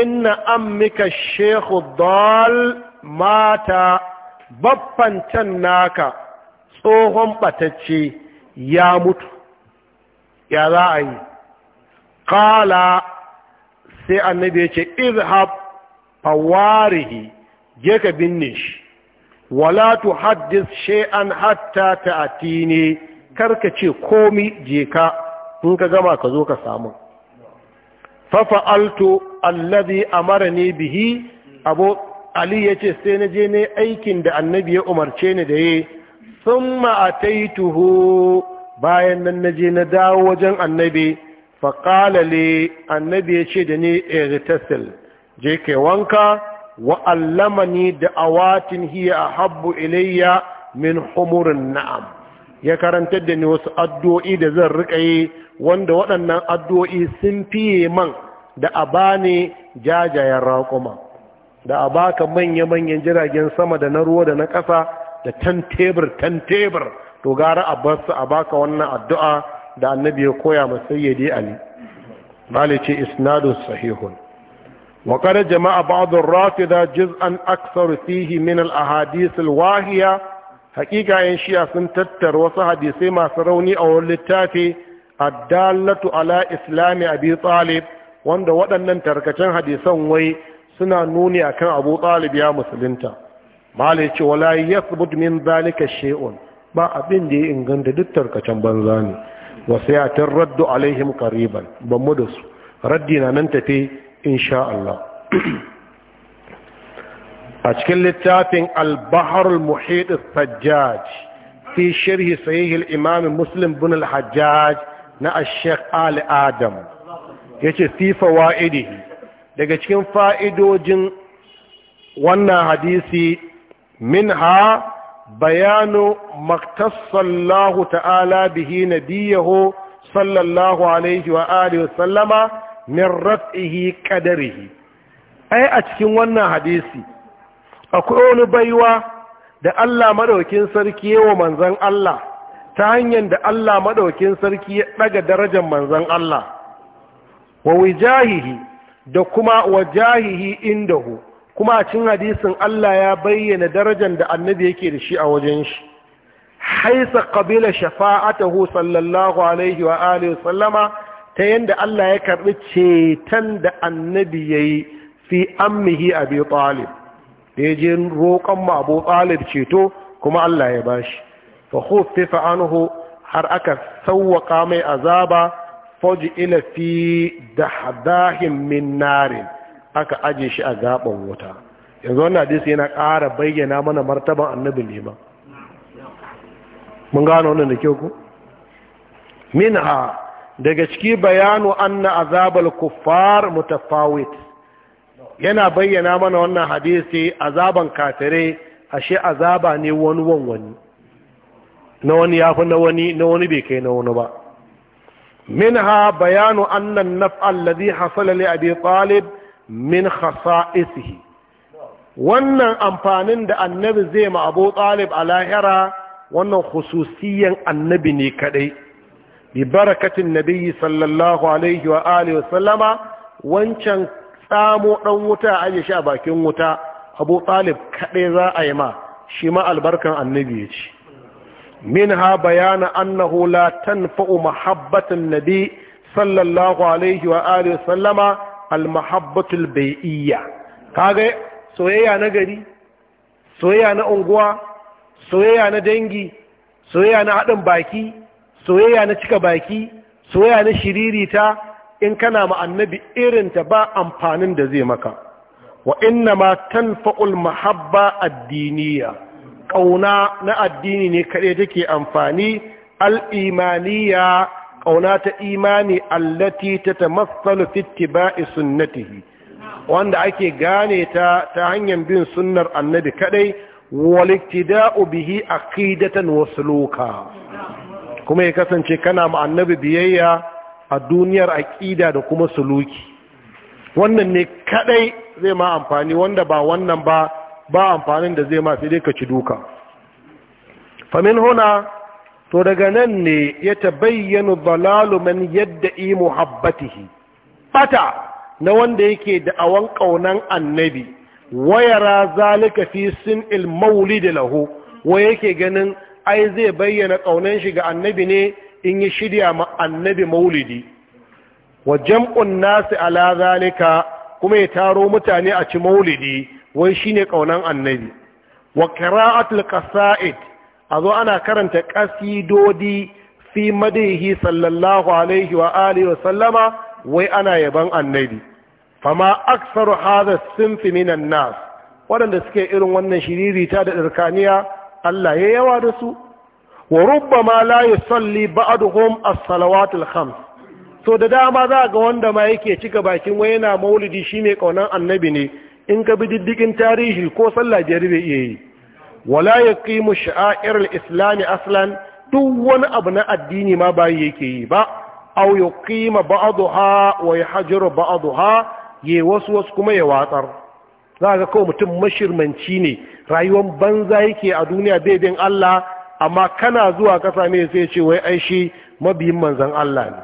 inna ammika shekhu dal mata baffan can naka tsohon batacce ya mutu ya za a yi kala sai annabi ya ce izhab fawarihi je ka binne shi wala tu tuhaddis shay'an hatta ta'tini karka ce komi je ka in ka gama ka zo ka samu fa fa'altu alladhi ni bihi abu ali yace sai na je ne aikin da annabi ya umarce ni da yi thumma ataituhu bayan nan na je na dawo wajen annabi fa qala li annabi yace da ni irtasil je ke wanka wa'allamani allamani da awatin hiya habbu iliyya min humurin na'am ya karantar da ni wasu addu'o'i da zan rika yi wanda waɗannan addu'o'i sun fiye man da a bane jajayen raƙuma da a baka manya-manyan jiragen sama da na ruwa da na ƙasa da tan tebur tan tebur to gara a basu a baka wannan addu'a da annabi ya koya ma sayyidi ali bale ce isnadun sahihun وقد جمع بعض الرافضة جزءا أكثر فيه من الأحاديث الواهية حقيقة إن شيء سنتتر وصحدي سيما سروني أو اللتاتي الدالة على إسلام أبي طالب وأن ودنا تركتن حديثا وي سنا نوني أكن أبو طالب يا مسلمتا مالك ولا يثبت من ذلك الشيء ba abin da ya inganta duk tarkacen banza ne wasu yatin raddu alaihim kariban ban mu da su raddi na nan tafe insha Allah a cikin littafin al-baharul muhit sajjaj fi sharhi sahih al-imam muslim bin al-hajjaj na ash-shaykh ali adam yace fi fawaidi daga cikin fa'idojin wannan hadisi minha bayanu maktasallahu ta'ala bihi nabiyahu sallallahu alaihi wa wa sallama min raf'ihi qadarihi ai a cikin wannan hadisi akwai wani baiwa da Allah madaukin sarki yawa manzon Allah ta hanyar da Allah madaukin sarki ya daga darajar manzon Allah wa wajahihi da kuma wajahihi indahu kuma a cikin hadisin Allah ya bayyana darajar da annabi yake da shi a wajen shi haisa qabila shafa'atahu sallallahu alaihi wa alihi sallama ta yadda Allah ya karɓi ceton da annabi ya yi fi ammihi biyu talib da ya je roƙon ma abu ceto kuma Allah ya bashi fa khuffifa anhu har aka sawwaka mai azaba foji ila fi dahdahin min narin aka aje shi a gaɓan wuta yanzu wannan hadisi yana ƙara bayyana mana martaban annabi ne mun gano wannan da kyau ku min ha daga ciki bayanu anna azabal kuffar mutafawit yana bayyana mana wannan hadisi azaban kafirai ashe azaba ne wani wani na wani yafi na wani na wani bai kai na wani ba minha bayanu anna an-naf'a hasala li abi talib min khasa'isihi wannan amfanin da annabi zai ma abu talib a lahira wannan khususiyan annabi ne kadai bi barakatin nabiyyi sallallahu alaihi wa alihi wa sallama wancan tsamo dan wuta a aje shi a bakin wuta abu talib kaɗai za a yi ma shi ma albarkan annabi ya ce minha bayana annahu la tanfa'u mahabbatan nabi sallallahu alaihi wa alihi wa sallama al mahabbatul bai'iyya kaga soyayya na gari soyayya na unguwa soyayya na dangi soyayya na haɗin baki soyayya na cika baki soyayya na shiririta in kana ma annabi irinta ba amfanin da zai maka wa inna ma tanfa'ul mahabba addiniya ƙauna na addini ne kaɗai take amfani al'imaniya ƙauna ta imani allati ta tamassalu fittiba'i sunnatihi wanda ake gane ta ta hanyar bin sunnar annabi kaɗai waliktida'u bihi aqidatan loka. kuma ya kasance kana ma annabi biyayya a duniyar aƙida da kuma suluki wannan ne kadai zai ma amfani wanda ba wannan ba ba amfanin da zai ma sai dai ka ci duka famin huna to daga nan ne ya tabayyana dalalu man yadda'i muhabbatihi bata na wanda yake da awan kaunan annabi wayara zalika fi sin il da lahu wa yake ganin ai zai bayyana ƙaunan shi ga annabi ne in yi shirya ma annabi maulidi wa jam'un nasi ala zalika kuma ya taro mutane a ci maulidi wai shine ƙaunan annabi wa qira'atul qasa'id a zo ana karanta ƙasidodi fi madihi sallallahu alaihi wa alihi wa sallama wai ana yaban annabi fama aksaru hadha sinfi minan nas waɗanda suke irin wannan shiririta da ɗarkaniya Allah ya yawa da su wa rubbama la yusalli ba'dhum as-salawat al-khams so da dama za ga wanda ma yake cika bakin wai yana maulidi shine kaunan annabi ne in ka bi diddigin tarihi ko sallah biyar bai iya yi wala yaqimu sha'air al-islam aslan duk wani abu na addini ma ba yake yi ba aw yuqima ba'daha wa yahjuru ba'daha yi wasu wasu kuma ya watsar za ga kawai mutum mashirmanci ne rayuwar banza yake a duniya bai Allah amma kana zuwa kasa ne sai ce wai aishi shi mabiyin manzan Allah ne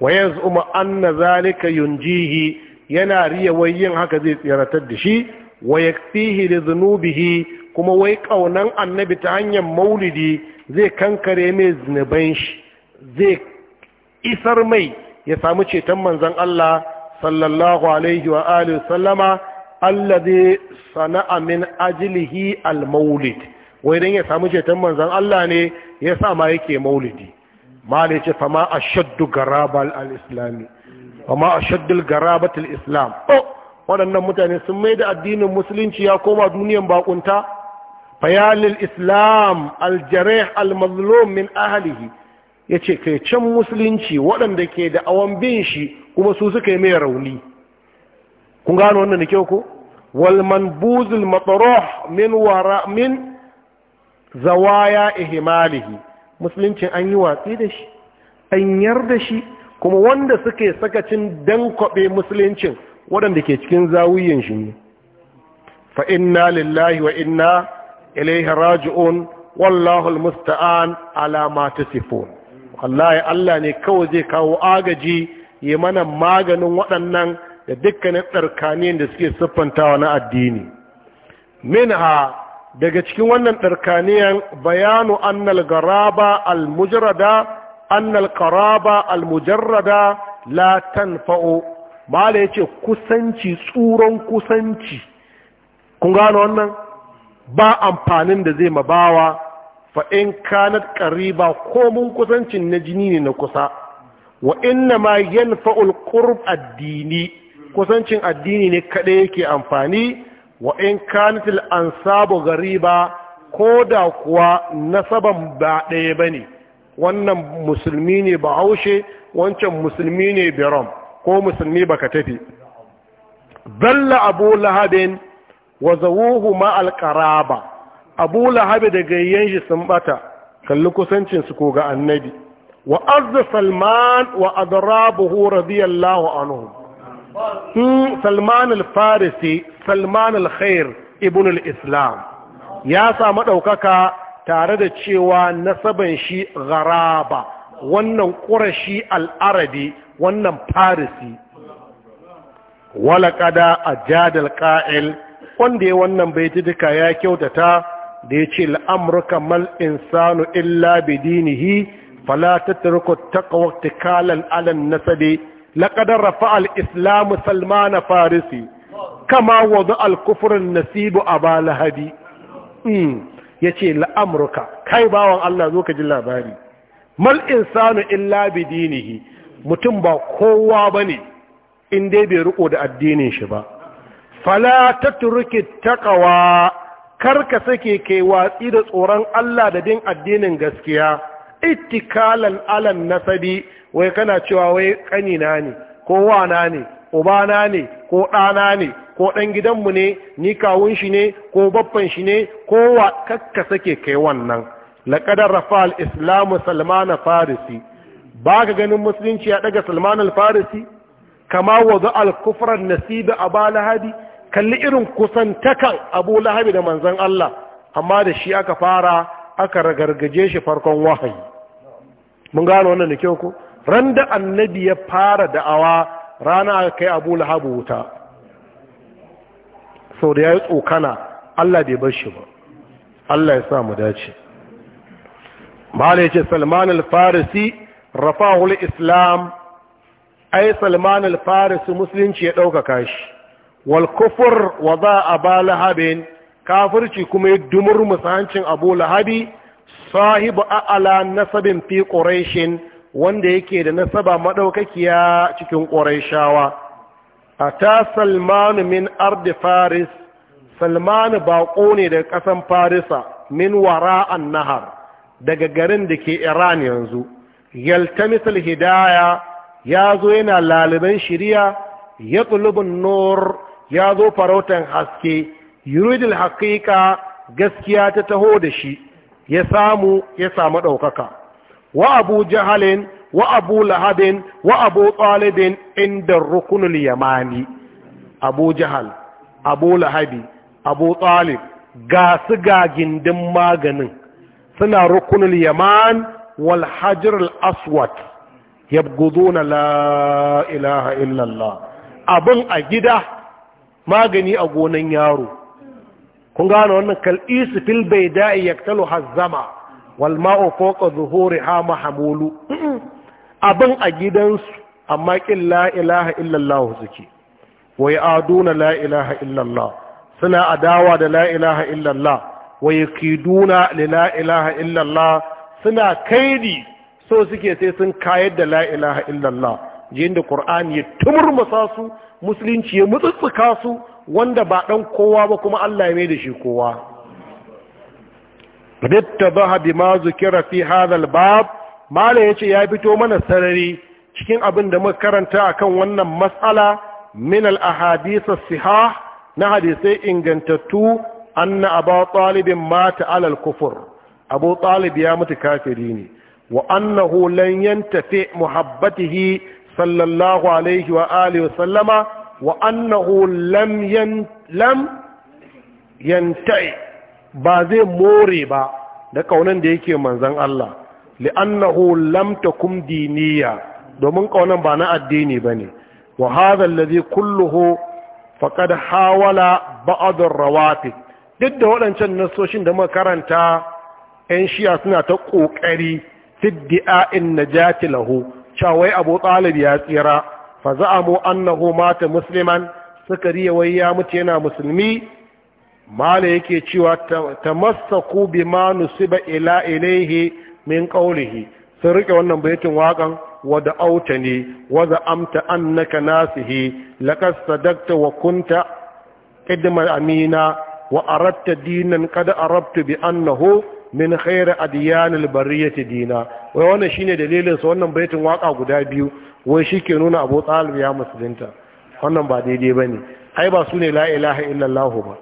wa Umar anna zalika yunjihi yana riya wai yin haka zai tsiratar da shi wa da li dhunubihi kuma wai kaunan annabi ta hanyar maulidi zai kankare mai zunuban shi zai isar mai ya samu ceton manzan Allah sallallahu alaihi wa alihi sallama allazi sana'a min ajlihi al wai dan ya samu ceton manzon Allah ne ya sa ma yake maulidi mali ce fama ashaddu garaba al-islami fama ashaddu garabat islam oh waɗannan mutane sun mai da addinin musulunci ya koma duniyan bakunta fayalil islam al-jarih al-mazlum min ahlihi yace kai can musulunci waɗanda ke da awan bin shi kuma su suka yi mai rauni kun gano wannan da kyau ko wal manbuzul matruh min wara min zawaya ihmalihi musulunci an yi watsi da shi an yarda shi kuma wanda suke sakacin kwabe musuluncin waɗanda ke cikin zawiyin shi ne fa inna lillahi wa inna ilaihi raji'un wallahu almusta'an ala ma tasifun wallahi Allah ne kawai zai kawo agaji ya mana maganin waɗannan da dukkanin tsarkaniyar da suke siffantawa na addini min ha daga cikin wannan tsarkaniyar bayanu annal garaba almujarrada annal qaraba almujarrada la da ya ce kusanci tsuran kusanci kun gano wannan ba amfanin da zai mabawa fa in kanat ƙariba ko mun kusancin na jini ne na kusa wa inna ma fa’ul qurb addini kusancin addini ne kaɗai yake amfani wa in kanatil ansabu gariba ko da kuwa nasaban ba ɗaya ba ne wannan musulmi ne bahaushe wancan musulmi ne biram ko musulmi baka tafi Bello abu lahabin wa zawuhu ma qaraba abu lahabi da gayyen shi sun bata kalli kusancin su ko ga annabi wa azza salman wa adrabuhu radiyallahu anhu salman al-farisi salman al-khair ibn al-islam ya samu ɗaukaka tare da cewa nasaban shi gharaba wannan ƙurashi al'arabi wannan farisi walakada a jadal ƙa'il wanda ya wannan bai ji duka ya kyautata da ya ce la'amurka mal insanu illa bidinihi fala tattaruka taqwa tikalan alan nasabi لقد رفع الإسلام سلمان فارسي كما وضع الكفر النسيب أبا لهبي yace la'amruka kai bawan Allah zo ka ji labari mal insanu illa bi mutum ba kowa bane in dai bai riƙo da addinin shi ba fala tatruki Kar ka sake kai watsi da tsoron Allah da din addinin gaskiya ittikalan alan nasabi wai kana cewa wai kanina ne ko wana ne ubana ne ko ɗana ne ko ɗan gidanmu ne ni kawun shi ne ko babban shi ne ko wa kakka sake kai wannan laƙadar rafa islamu salmana farisi ba ka ganin musulunci ya ɗaga salman al-farisi kama wazo al-kufran nasibi a ba lahadi kalli irin kusantakan abu lahabi da manzan Allah amma da shi aka fara aka ragargaje shi farkon wahayi mun gano wannan da kyau ko ran da annabi ya fara da'awa rana aka kai abu lahabu wuta sau da ya yi tsokana allah bai bar shi ba allah ya sa mu dace ya ce salman al-farisi rafahul islam ai salman al-farisi musulunci ya ɗaukaka shi wal kufur wa za a ba lahabin kafirci kuma ya dumur musahancin abu lahabi sahibu a'ala nasabin fi ƙorashin wanda yake da nasaba maɗaukakiya cikin a ata salmanu min ardi faris salman baƙo ne daga ƙasan farisa min wara'an nahar daga garin da ke iran yanzu yaltamisul hidaya ya zo yana laliban shiriya ya tsulubin nur ya zo farautan haske yuridul haƙiƙa gaskiya ta taho da shi ya samu ya samu ɗaukaka wa abu jahalin wa abu lahabin wa abu talibin inda rukunin yamani abu jahal abu lahabi abu talib ga su gindin maganin suna rukunin yaman wal hajar aswad yabguduna la ilaha illallah abin a gida magani a gonan yaro kun gano wannan kal'isu fil bai da'i yaktalu hazzama wal ma'u fawqa zuhuriha mahmulu abin a gidansu amma kin la ilaha illallah suke wa ya'aduna la ilaha illallah suna adawa da la ilaha illallah wa yakiduna li la ilaha illallah suna kaidi so suke sai sun kayar da la ilaha illallah jin da qur'ani ya tumurmusa su musulunci ya mutsutsuka su wanda ba dan kowa ba kuma Allah ya mai da shi kowa ritta zaha bi ma zukira fi hadal bab mala yace ya fito mana sarari cikin abin da muka karanta akan wannan mas'ala min al ahadith sihah na hadisai ingantattu anna abu talibin mata alal kufur abu talib ya mutu kafiri ne wa annahu lan yantafi muhabbatihi sallallahu alaihi wa alihi wa sallama wa annahu lam yan lam yantai ba zai more ba da kaunan da yake manzan Allah li'annahu lam takum diniya domin kaunan ba na addini bane wa hadha alladhi kulluhu faqad hawala ba'd ar-rawatib duk da waɗancan nasoshin da muka karanta 'yan shiya suna ta ƙoƙari siddi'a'in najati lahu cawai abu talib ya tsira fa za'amu annahu mata musliman suka riya wai ya mutu yana musulmi mala yake cewa tamassaku bima nusiba ila ilaihi min qawlihi sun rike wannan baitin waƙan wada auta ne waza amta annaka nasihi laqad sadaqta wa kunta idma amina wa aradta dinan qad arabtu bi annahu min khairi adyanil bariyati dina wai wannan shine dalilin sa wannan baitin waka guda biyu wai shike nuna Abu Talib ya musulunta wannan ba daidai bane ai ba sune la ilaha illallah ba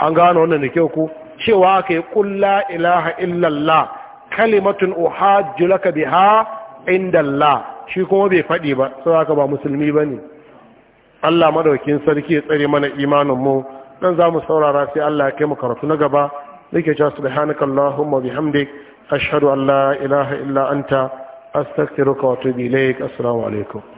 an gano wannan da kyau ko cewa kai ƙulla ilaha illallah kalimatun uhajju laka biha indallah shi kuma bai faɗi ba sai haka ba musulmi bane Allah maɗaukin sarki ya tsare mana imanin mu dan zamu saurara sai Allah ya kai mu karatu na gaba nake cewa subhanakallahumma bihamdik ashhadu an la ilaha illa anta astaghfiruka wa atubu ilaik assalamu alaikum